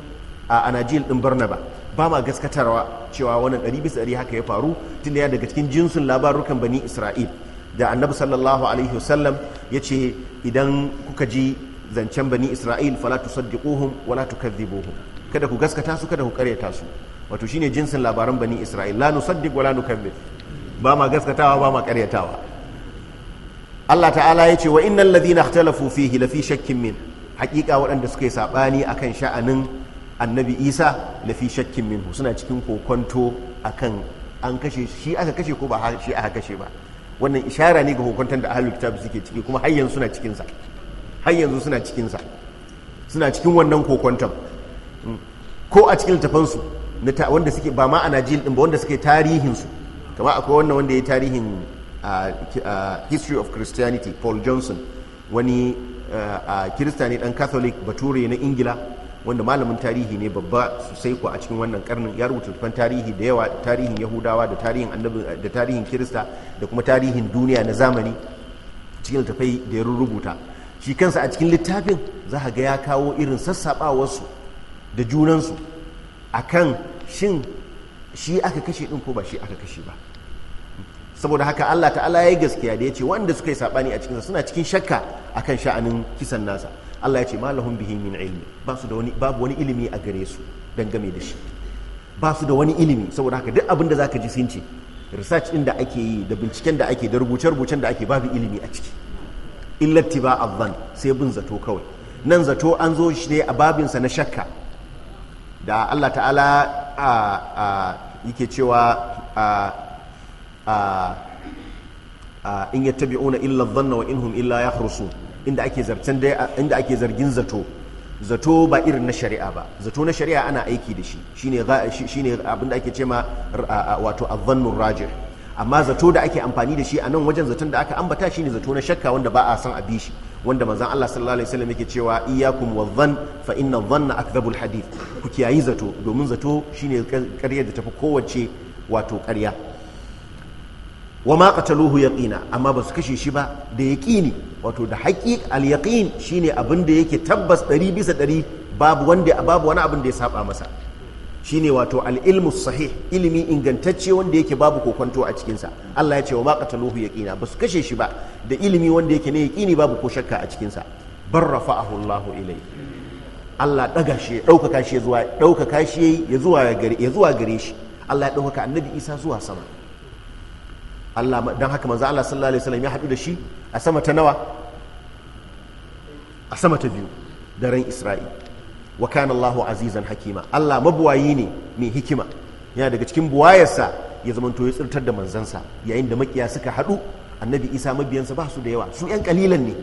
a najil din barnaba ba ma gaskatarwa cewa wannan ɗari bisa ɗari haka ya faru tunda ya daga cikin jinsin labarukan bani isra'il da annabi sallallahu alaihi wasallam ya ce idan kuka ji zancen bani isra'il fala tusaddiquhum wala tukadhibuhum kada ku gaskata su kada ku karyata su wato shine jinsin labaran bani isra'il la nusaddiq wa la nukazzib ba ma gaskatawa ba ma karyatawa Allah ta'ala ya ce wa innal ladhina ikhtalafu fihi lafi shakkin min hakika waɗanda suka yi sabani akan sha'anin annabi Isa lafi shakkin min suna cikin kokonto akan an kashe shi aka kashe ko ba shi aka kashe ba wannan ishara ne ga hukuntar da ahlul kitab suke ciki kuma har yanzu suna cikin sa har yanzu suna cikin sa suna cikin wannan kokonton hmm. ko a cikin tafansu wanda suke ba ma a najil din ba wanda suke tarihinsu kama akwai wannan wanda ya tarihin history of christianity paul johnson wani a kirista ne dan catholic bature na ingila wanda malamin tarihi ne babba sosai ku a cikin wannan karnin ya rubuta tufan tarihi da yawa tarihin yahudawa da tarihin annabi da tarihin kirista da kuma tarihin duniya na zamani cikin littafai da ya rubuta shi kansa a cikin littafin za ga ya kawo irin sassaɓawarsu da junansu akan shin shi aka kashe din ko ba shi aka kashe ba saboda haka Allah ta'ala ya yi gaskiya da ya ce wanda suka yi saɓani a cikinsa suna cikin shakka akan sha'anin kisan nasa Allah ya ce malahun bihi min ilmi babu wani ilimi a gare su game da shi ba su da wani ilimi saboda haka duk abin da zaka ji sun ce research din da ake yi da binciken da ake da rubuce-rubucen da ake babu ilimi a ciki illati ba azan sai bin zato kawai nan zato an zo shi ne a babinsa na shakka da Allah ta'ala yake cewa in una illa zanna wa inhum illa ya inda ake inda ake zargin zato zato ba irin na shari'a ba zato na shari'a ana aiki da shi shine shine abinda ake cema wato a dhannu rajih amma zato da ake amfani da shi a nan wajen zaton da aka ambata shine zato na shakka wanda ba a san a bi shi wanda manzon Allah sallallahu alaihi wasallam yake cewa iyyakum wadhann fa inna dhanna akdhabul hadith ku kiyayi zato domin zato shine ƙarya da tafi kowace wato ƙarya wa ma qataluhu yaqina amma ba su kashe shi ba da yaqini wato da haqiq al yaqin shine abin da yake tabbas 100 bisa 100 babu wanda babu wani abin da ya saba masa Shi ne wato al-ilmu sahih ilimi ingantacce wanda yake babu kokonto a cikinsa Allah ya ce wa ya ƙina ba su kashe shi ba da ilimi wanda yake ne ya ƙini babu ko shakka a cikinsa bar rafa'ahu Allah ilai Allah ɗaga shi daukaka shi zuwa shi ya zuwa gare ya zuwa gare shi Allah ya ɗaukaka annabi Isa zuwa sama Allah dan haka manzo Allah sallallahu alaihi wasallam ya haɗu da shi a sama ta nawa a sama ta biyu daren Isra'il wa kana Allahu azizan hakima Allah mabuwayi ne mai hikima yana daga cikin buwayarsa ya zamanto ya tsirtar da manzansa yayin da makiya suka hadu annabi isa mabiyansa ba su da yawa su yan kalilan ne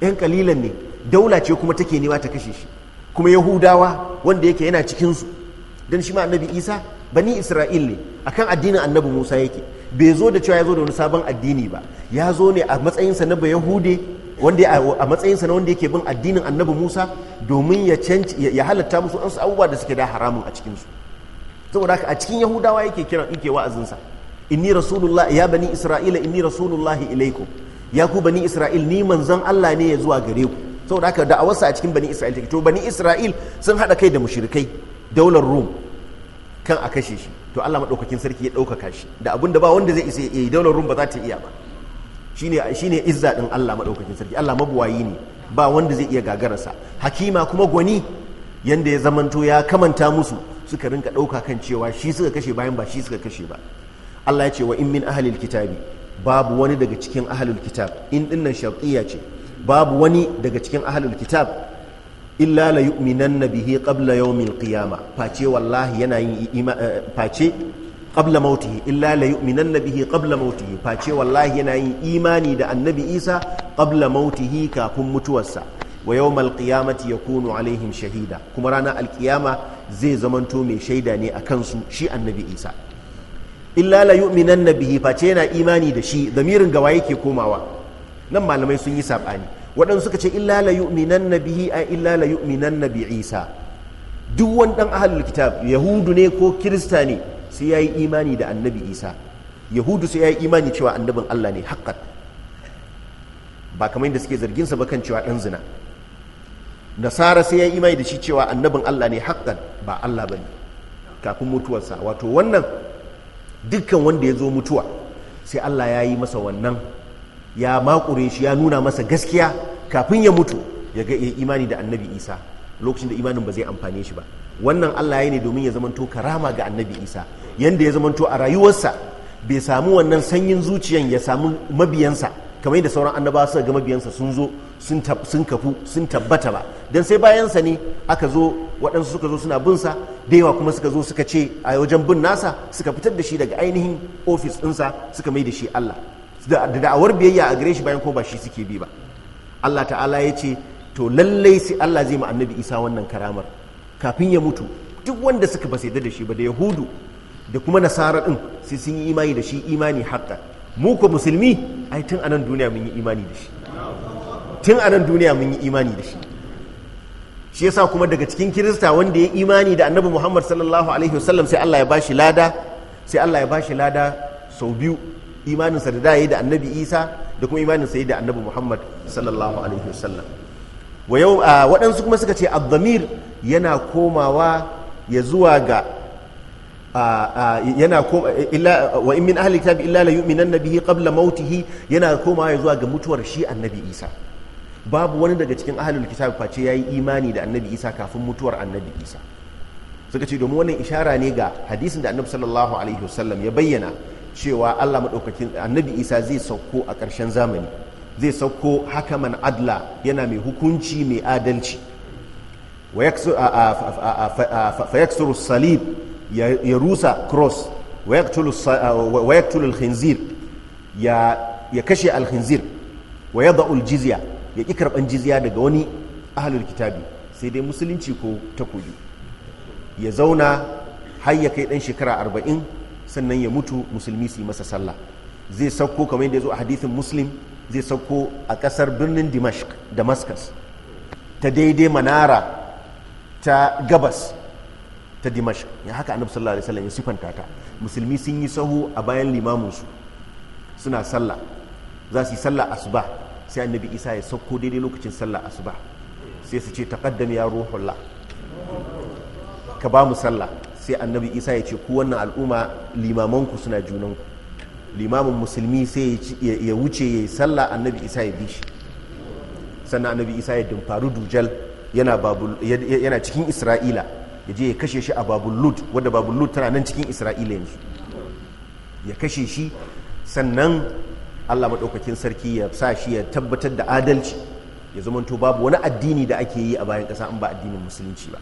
yan kalilan ne daula ce kuma take nema ta kashe shi kuma yahudawa wanda yake yana cikin su dan shi ma annabi isa bani isra'il ne akan addinin annabi musa yake bai zo da cewa ya zo da wani sabon addini ba ya zo ne a matsayinsa na bayahude wanda a matsayinsa na wanda yake bin addinin annabi musa domin ya ya halatta musu an abubuwa da suke da haramun a cikinsu saboda haka a cikin yahudawa yake kiran yake wa'azinsa inni rasulullah ya bani isra'ila inni rasulullah ilaikum ya ku bani isra'il ni manzon allah ne ya zuwa gare ku saboda haka da'awarsa a cikin bani isra'il take to bani isra'il sun haɗa kai da mushrikai daular rum kan a kashe shi to allah maɗaukakin sarki ya ɗaukaka shi da abin da ba wanda zai isa ya yi daular rum ba za ta iya ba shine shine izza din Allah madaukakin sarki Allah mabuwayi ne ba wanda zai iya gagararsa hakima kuma gwani yanda ya zamanto ya kamanta musu suka rinka ɗauka kan cewa shi suka kashe bayan ba shi suka kashe ba Allah ya ce wa in min ahlil kitabi babu wani daga cikin ahlul kitab in dinnan shartiyya ce babu wani daga cikin ahlul kitab illa la yu'minanna bihi qabla yawmil qiyamah face wallahi yana yin eh, face qabla mautihi illa la yu'minanna bihi qabla mautihi face wallahi yana yin imani da annabi Isa qabla mautihi kafin mutuwarsa wa yawmal qiyamati yakunu alaihim shahida kuma ranar alkiyama zai zamanto mai shaida ne a kansu shi annabi Isa illa la yu'minanna bihi face yana imani da shi zamirin gawa yake komawa nan malamai sun yi sabani waɗansu suka ce illa la yu'minanna bihi a illa la yu'minanna bi Isa duk wani dan ahlul kitab yahudu ne ko kirista ne sai ya yi imani da annabi isa yahudu sai ya yi imani cewa annabin allah ne haƙƙan ba kamar yadda suke zarginsa ba kan cewa ɗan zina nasara sai ya yi imani da shi cewa annabin allah ne haƙƙan ba allah ba ne kafin mutuwarsa wato wannan dukkan wanda ya zo mutuwa sai allah ya yi masa wannan ya makure shi ya nuna masa gaskiya kafin ya mutu ya ga imani da annabi isa lokacin da imanin ba zai amfane shi ba wannan Allah ya ne domin ya zamanto karama ga annabi isa yanda ya zamanto a rayuwarsa bai samu wannan sanyin zuciyan ya samu mabiyansa kamar da sauran annabawa suka ga mabiyansa sun zo sun kafu sun tabbata ba don sai bayansa ne aka zo waɗansu suka zo suna binsa da yawa kuma suka zo suka ce a wajen bin nasa suka fitar da shi daga ainihin ofis ɗinsa suka mai da shi Allah da da'awar biyayya a gare shi bayan ko ba shi suke bi ba Allah ta'ala ya ce to lallai sai Allah zai ma annabi Isa wannan karamar kafin ya mutu duk wanda suka ba da shi ba da yahudu da kuma nasara din sai sun yi imani da shi imani haƙƙa mu ko musulmi ai tun anan duniya mun yi imani da shi tun anan duniya mun yi imani da shi shi yasa kuma daga cikin kirista wanda ya imani da annabi muhammad sallallahu alaihi wasallam sai allah ya bashi lada sai allah ya bashi lada sau biyu imaninsa da da yi da annabi isa da kuma imaninsa yi da annabi muhammad sallallahu alaihi wasallam Ah, waɗansu kuma suka ce abdamir yana komawa ya zuwa ga ah, ah, yana koma min ahli kitabi illa la bihi qabla mautihi yana komawa ya zuwa ga mutuwar shi annabi Isa babu wani daga cikin ahlul kitab ya yi imani da annabi Isa kafin mutuwar annabi Isa suka ce domin wannan ishara ne ga hadisin da annabi sallallahu alaihi wasallam ya bayyana cewa Allah madaukakin annabi Isa zai sauko a ƙarshen zamani zai sauko hakaman adla yana mai hukunci mai adalci fayaksuru salib ya rusa cross ya kashe alkhinzir wa ya da'ul ya ƙi karɓan jiziya daga wani ahalul kitabi sai dai musulunci ko takobi ya zauna har ya kai ɗan shekara arba'in sannan ya mutu musulmi su yi masa sallah zai sauko kamar yadda ya zo a hadithin muslim zai sauko a kasar birnin damascus ta daidai manara ta gabas ta dimashq ya haka annabi sallallahu alaihi wasallam ya sifanta ta musulmi sun yi sahu a bayan limaminsu suna sallah za su yi sallah asuba sai annabi isa ya sauko daidai lokacin sallah asuba sai su ce taqaddam ya ruhullah ka ba mu sallah sai annabi isa ya ce ku wannan al'umma limamanku suna junanku limamin musulmi sai ya wuce ya yi sallah annabi isa ya bi shi sannan annabi isa ya dumfaru dujal yana cikin isra'ila ya je ya kashe shi a babul lut wadda babul lut tana nan cikin isra'ila yanzu ya kashe shi sannan allah maɗaukakin sarki ya sa shi ya tabbatar da adalci ya zamanto babu wani addini da ake yi a bayan ƙasa in ba addinin musulunci ba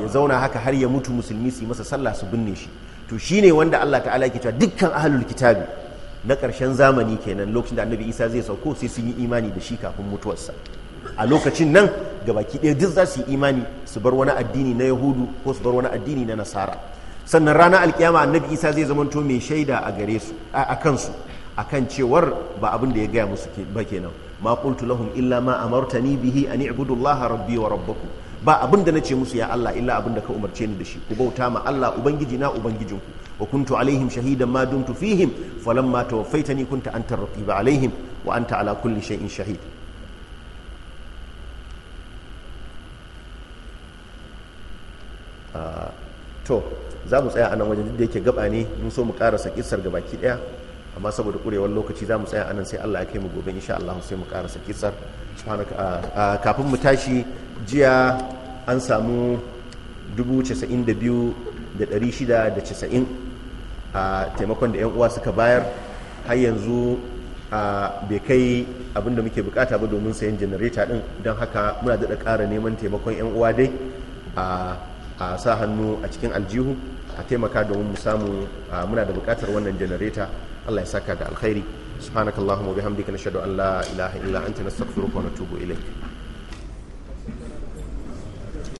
ya zauna haka har ya mutu musulmi su yi masa sallah su binne shi to shi ne wanda Allah ta'ala ke cewa dukkan ahlul kitabi na ƙarshen zamani kenan lokacin da annabi isa zai sauko sai sun yi imani da shi kafin mutuwarsa a lokacin nan gabaki ɗaya duk za su yi imani su bar wani addini na yahudu ko su bar wani addini na nasara sannan ranar alkiyama annabi isa zai zamanto mai shaida a gare su a kansu akan cewar ba abin da ya gaya musu ba kenan ma qultu lahum illa ma amartani bihi an i'budu allaha rabbi wa rabbakum ba abin da ce musu ya Allah illa abin da ka umarce ni da shi ku bauta ma Allah ubangiji na ubangijinku wa kuntu alaihim shahidan ma dumtu fihim falamma tawaffaytani kunta anta raqiba alaihim wa anta ala kulli shay'in shahid ah, to za mu tsaya a nan wajen duk da yake gaba ne mun so mu karasa kissar gabaki daya amma saboda kurewar lokaci za mu tsaya anan sai Allah ya kai mu gobe insha Allah sai mu karasa kitsar kafin mu tashi jiya an samu 92,690 a taimakon da 'yan uwa suka bayar har yanzu bai kai abinda muke bukata ba domin sayan janareta din don haka muna daɗa ƙara neman taimakon 'yan uwa dai a sa hannu a cikin aljihu a taimaka domin mu samu muna da bukatar wannan janareta Allah ya saka da alkhairi subhanakallahumma wa bihamdika nashhadu an la ilaha illa anta nastaghfiruka wa natubu ilayk